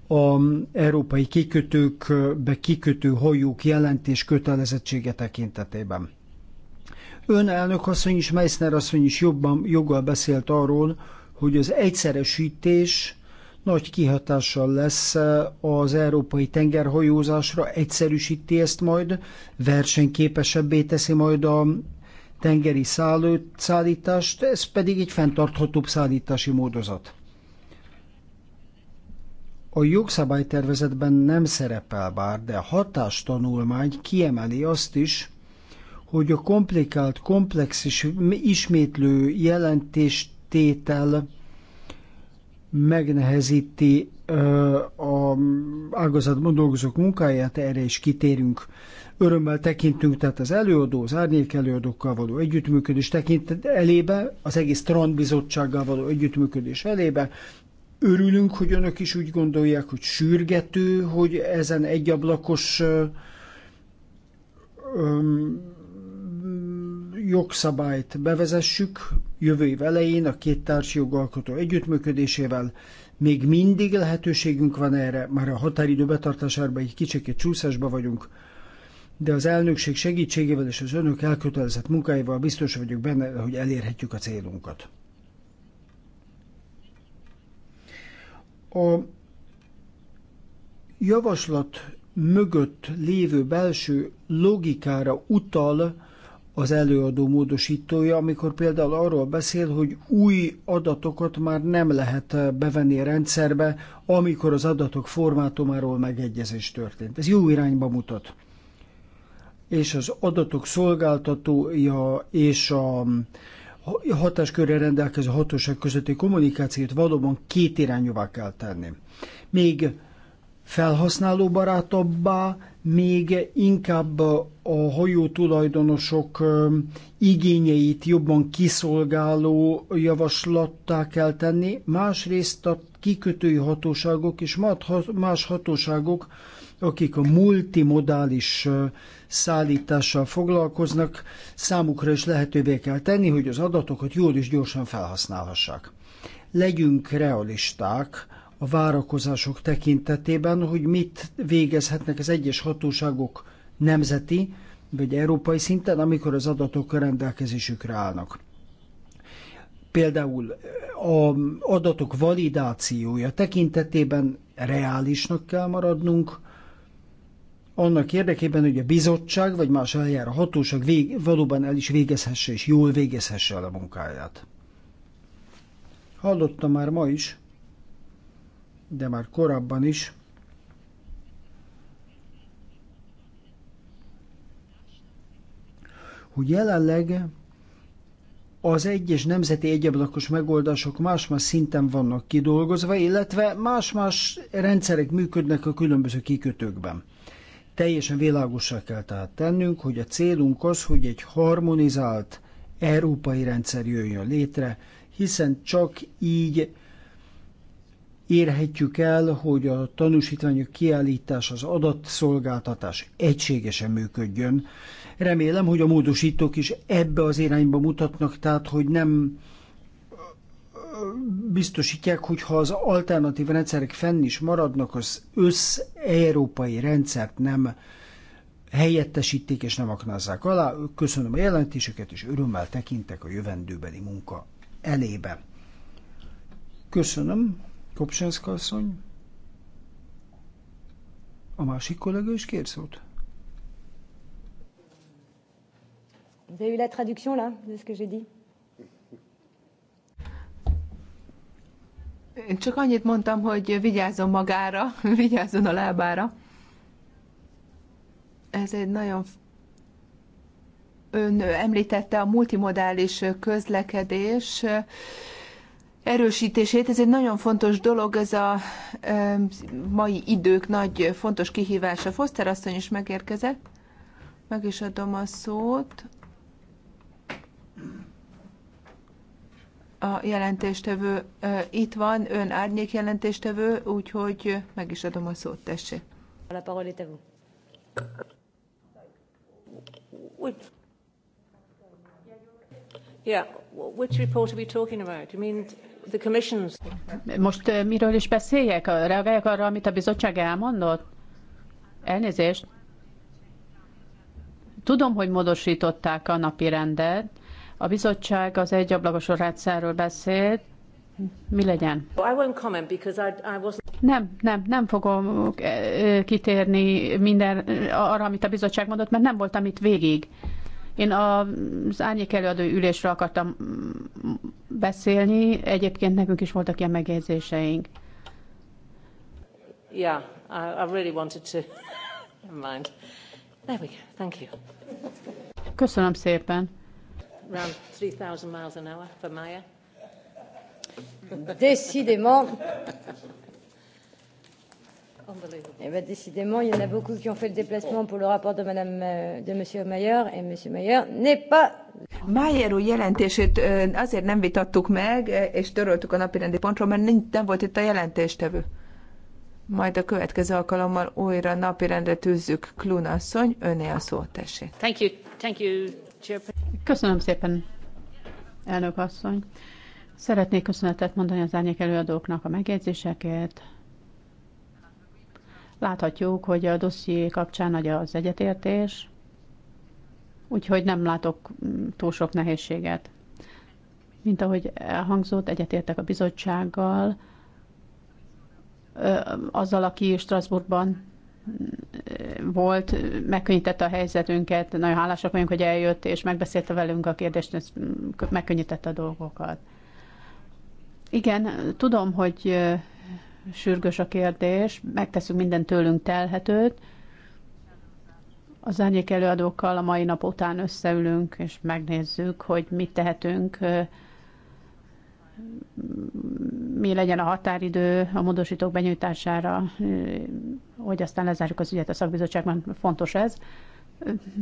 a európai kikötőkbe kikötő hajók jelentés kötelezettsége tekintetében. Ön elnök asszony is, Meissner asszony is jobban, joggal beszélt arról, hogy az egyszeresítés nagy kihatással lesz e, az európai tengerhajózásra, egyszerűsíti ezt majd, versenyképesebbé teszi majd a tengeri szálló, szállítást, ez pedig egy fenntarthatóbb szállítási módozat. A jogszabálytervezetben nem szerepel bár, de a hatástanulmány kiemeli azt is, hogy a komplikált, komplex és ismétlő jelentéstétel megnehezíti a ágazatban dolgozók munkáját, erre is kitérünk. Örömmel tekintünk, tehát az előadó, az árnyék előadókkal való együttműködés tekintet elébe, az egész Strandbizottsággal való együttműködés elébe. Örülünk, hogy önök is úgy gondolják, hogy sürgető, hogy ezen egyablakos jogszabályt bevezessük jövő év elején a két társi jogalkotó együttműködésével. Még mindig lehetőségünk van erre, már a határidő betartásában egy kicsikét csúszásba vagyunk, de az elnökség segítségével és az önök elkötelezett munkáival biztos vagyok benne, hogy elérhetjük a célunkat. A javaslat mögött lévő belső logikára utal az előadó módosítója, amikor például arról beszél, hogy új adatokat már nem lehet bevenni a rendszerbe, amikor az adatok formátumáról megegyezés történt. Ez jó irányba mutat. És az adatok szolgáltatója és a hatáskörre rendelkező hatóság közötti kommunikációt valóban két irányúvá kell tenni. Még felhasználóbarátabbá, még inkább a hajó tulajdonosok igényeit jobban kiszolgáló javaslattá kell tenni, másrészt a kikötői hatóságok és más hatóságok, akik a multimodális szállítással foglalkoznak, számukra is lehetővé kell tenni, hogy az adatokat jól és gyorsan felhasználhassák. Legyünk realisták, a várakozások tekintetében, hogy mit végezhetnek az egyes hatóságok nemzeti vagy európai szinten, amikor az adatok a rendelkezésükre állnak. Például az adatok validációja tekintetében reálisnak kell maradnunk, annak érdekében, hogy a bizottság vagy más eljár a hatóság vég, valóban el is végezhesse és jól végezhesse el a munkáját. Hallottam már ma is, de már korábban is hogy jelenleg az egyes nemzeti egyablakos megoldások más-más szinten vannak kidolgozva, illetve más-más rendszerek működnek a különböző kikötőkben. Teljesen világosra kell tehát tennünk, hogy a célunk az, hogy egy harmonizált európai rendszer jöjjön létre, hiszen csak így érhetjük el, hogy a tanúsítványok kiállítás, az adatszolgáltatás egységesen működjön. Remélem, hogy a módosítók is ebbe az irányba mutatnak, tehát hogy nem biztosítják, hogy ha az alternatív rendszerek fenn is maradnak, az össz-európai rendszert nem helyettesítik és nem aknázzák alá. Köszönöm a jelentéseket, és örömmel tekintek a jövendőbeli munka elébe. Köszönöm. Kopsenszka asszony. A másik kollega is kér szót. Vous avez eu la traduction là de ce que j'ai dit Én csak annyit mondtam, hogy vigyázzon magára, vigyázzon a lábára. Ez egy nagyon... Ön említette a multimodális közlekedés erősítését. Ez egy nagyon fontos dolog, ez a mai idők nagy fontos kihívása. Foster asszony is megérkezett. Meg is adom a szót. A jelentéstevő itt van, ön árnyék jelentéstevő, úgyhogy meg is adom a szót, tessék. yeah, which report are we talking about? You mean the commission's... Most miről is beszéljek? Reagáljak arra, amit a bizottság elmondott? Elnézést. Tudom, hogy módosították a napi rendet. A bizottság az egyablakos rendszerről beszélt. Mi legyen? Nem, nem, nem fogom kitérni minden arra, amit a bizottság mondott, mert nem voltam itt végig. Én az árnyék előadó ülésről akartam beszélni, egyébként nekünk is voltak ilyen megjegyzéseink. Yeah, I, I really wanted to. Never mind. There we go. Thank you. Köszönöm szépen. Around 3000 miles an hour for Maya. Décidément, Et eh bien, décidément, il y en a beaucoup qui ont fait le déplacement pour le rapport de Madame, euh, de Monsieur Mayer, et Monsieur Mayer n'est pas. Mayer úr jelentését azért nem vitattuk meg, és töröltük a napirendi pontról, mert nem volt itt a jelentéstevő. Majd a következő alkalommal újra napirendre tűzzük. Kluna asszony, öné a szót, tessék. Thank you. Thank you. Köszönöm szépen, elnök asszony. Szeretnék köszönetet mondani az árnyék előadóknak a megjegyzéseket, Láthatjuk, hogy a dosszié kapcsán nagy az egyetértés, úgyhogy nem látok mm, túl sok nehézséget. Mint ahogy elhangzott, egyetértek a bizottsággal, azzal, aki Strasbourgban mm, volt, megkönnyítette a helyzetünket, nagyon hálásak vagyunk, hogy eljött, és megbeszélte velünk a kérdést, ez mm, megkönnyítette a dolgokat. Igen, tudom, hogy sürgős a kérdés, megteszünk minden tőlünk telhetőt. Az árnyék előadókkal a mai nap után összeülünk, és megnézzük, hogy mit tehetünk, mi legyen a határidő a módosítók benyújtására, hogy aztán lezárjuk az ügyet a szakbizottságban. Fontos ez.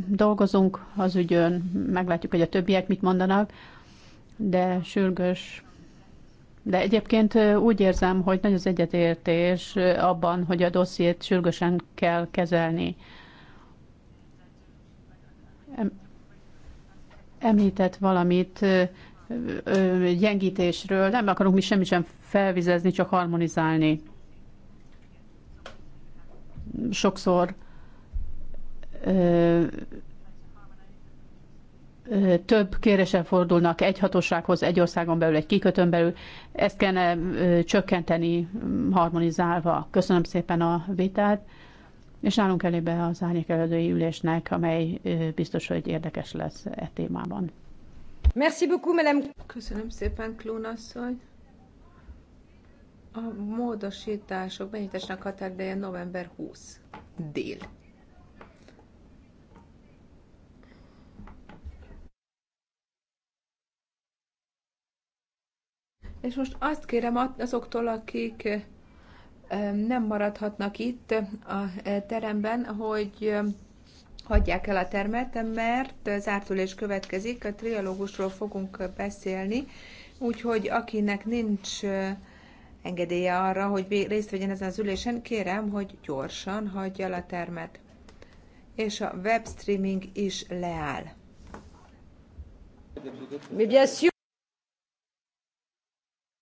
Dolgozunk az ügyön, meglátjuk, hogy a többiek mit mondanak, de sürgős de egyébként úgy érzem, hogy nagy az egyetértés abban, hogy a dossziét sürgősen kell kezelni. Említett valamit gyengítésről, nem akarunk mi semmit sem felvizezni, csak harmonizálni. Sokszor több kérdésen fordulnak egy hatósághoz, egy országon belül, egy kikötőn belül. Ezt kellene csökkenteni harmonizálva. Köszönöm szépen a vitát, és állunk elébe az árnyék előadói ülésnek, amely biztos, hogy érdekes lesz e témában. Merci beaucoup, madame. Köszönöm szépen, Klónasszony. A módosítások benyitásnak határideje november 20 dél. És most azt kérem azoktól, akik nem maradhatnak itt a teremben, hogy hagyják el a termet, mert zártulés következik, a trialógusról fogunk beszélni, úgyhogy akinek nincs engedélye arra, hogy részt vegyen ezen az ülésen, kérem, hogy gyorsan hagyja el a termet. És a webstreaming is leáll. Mais bien sûr.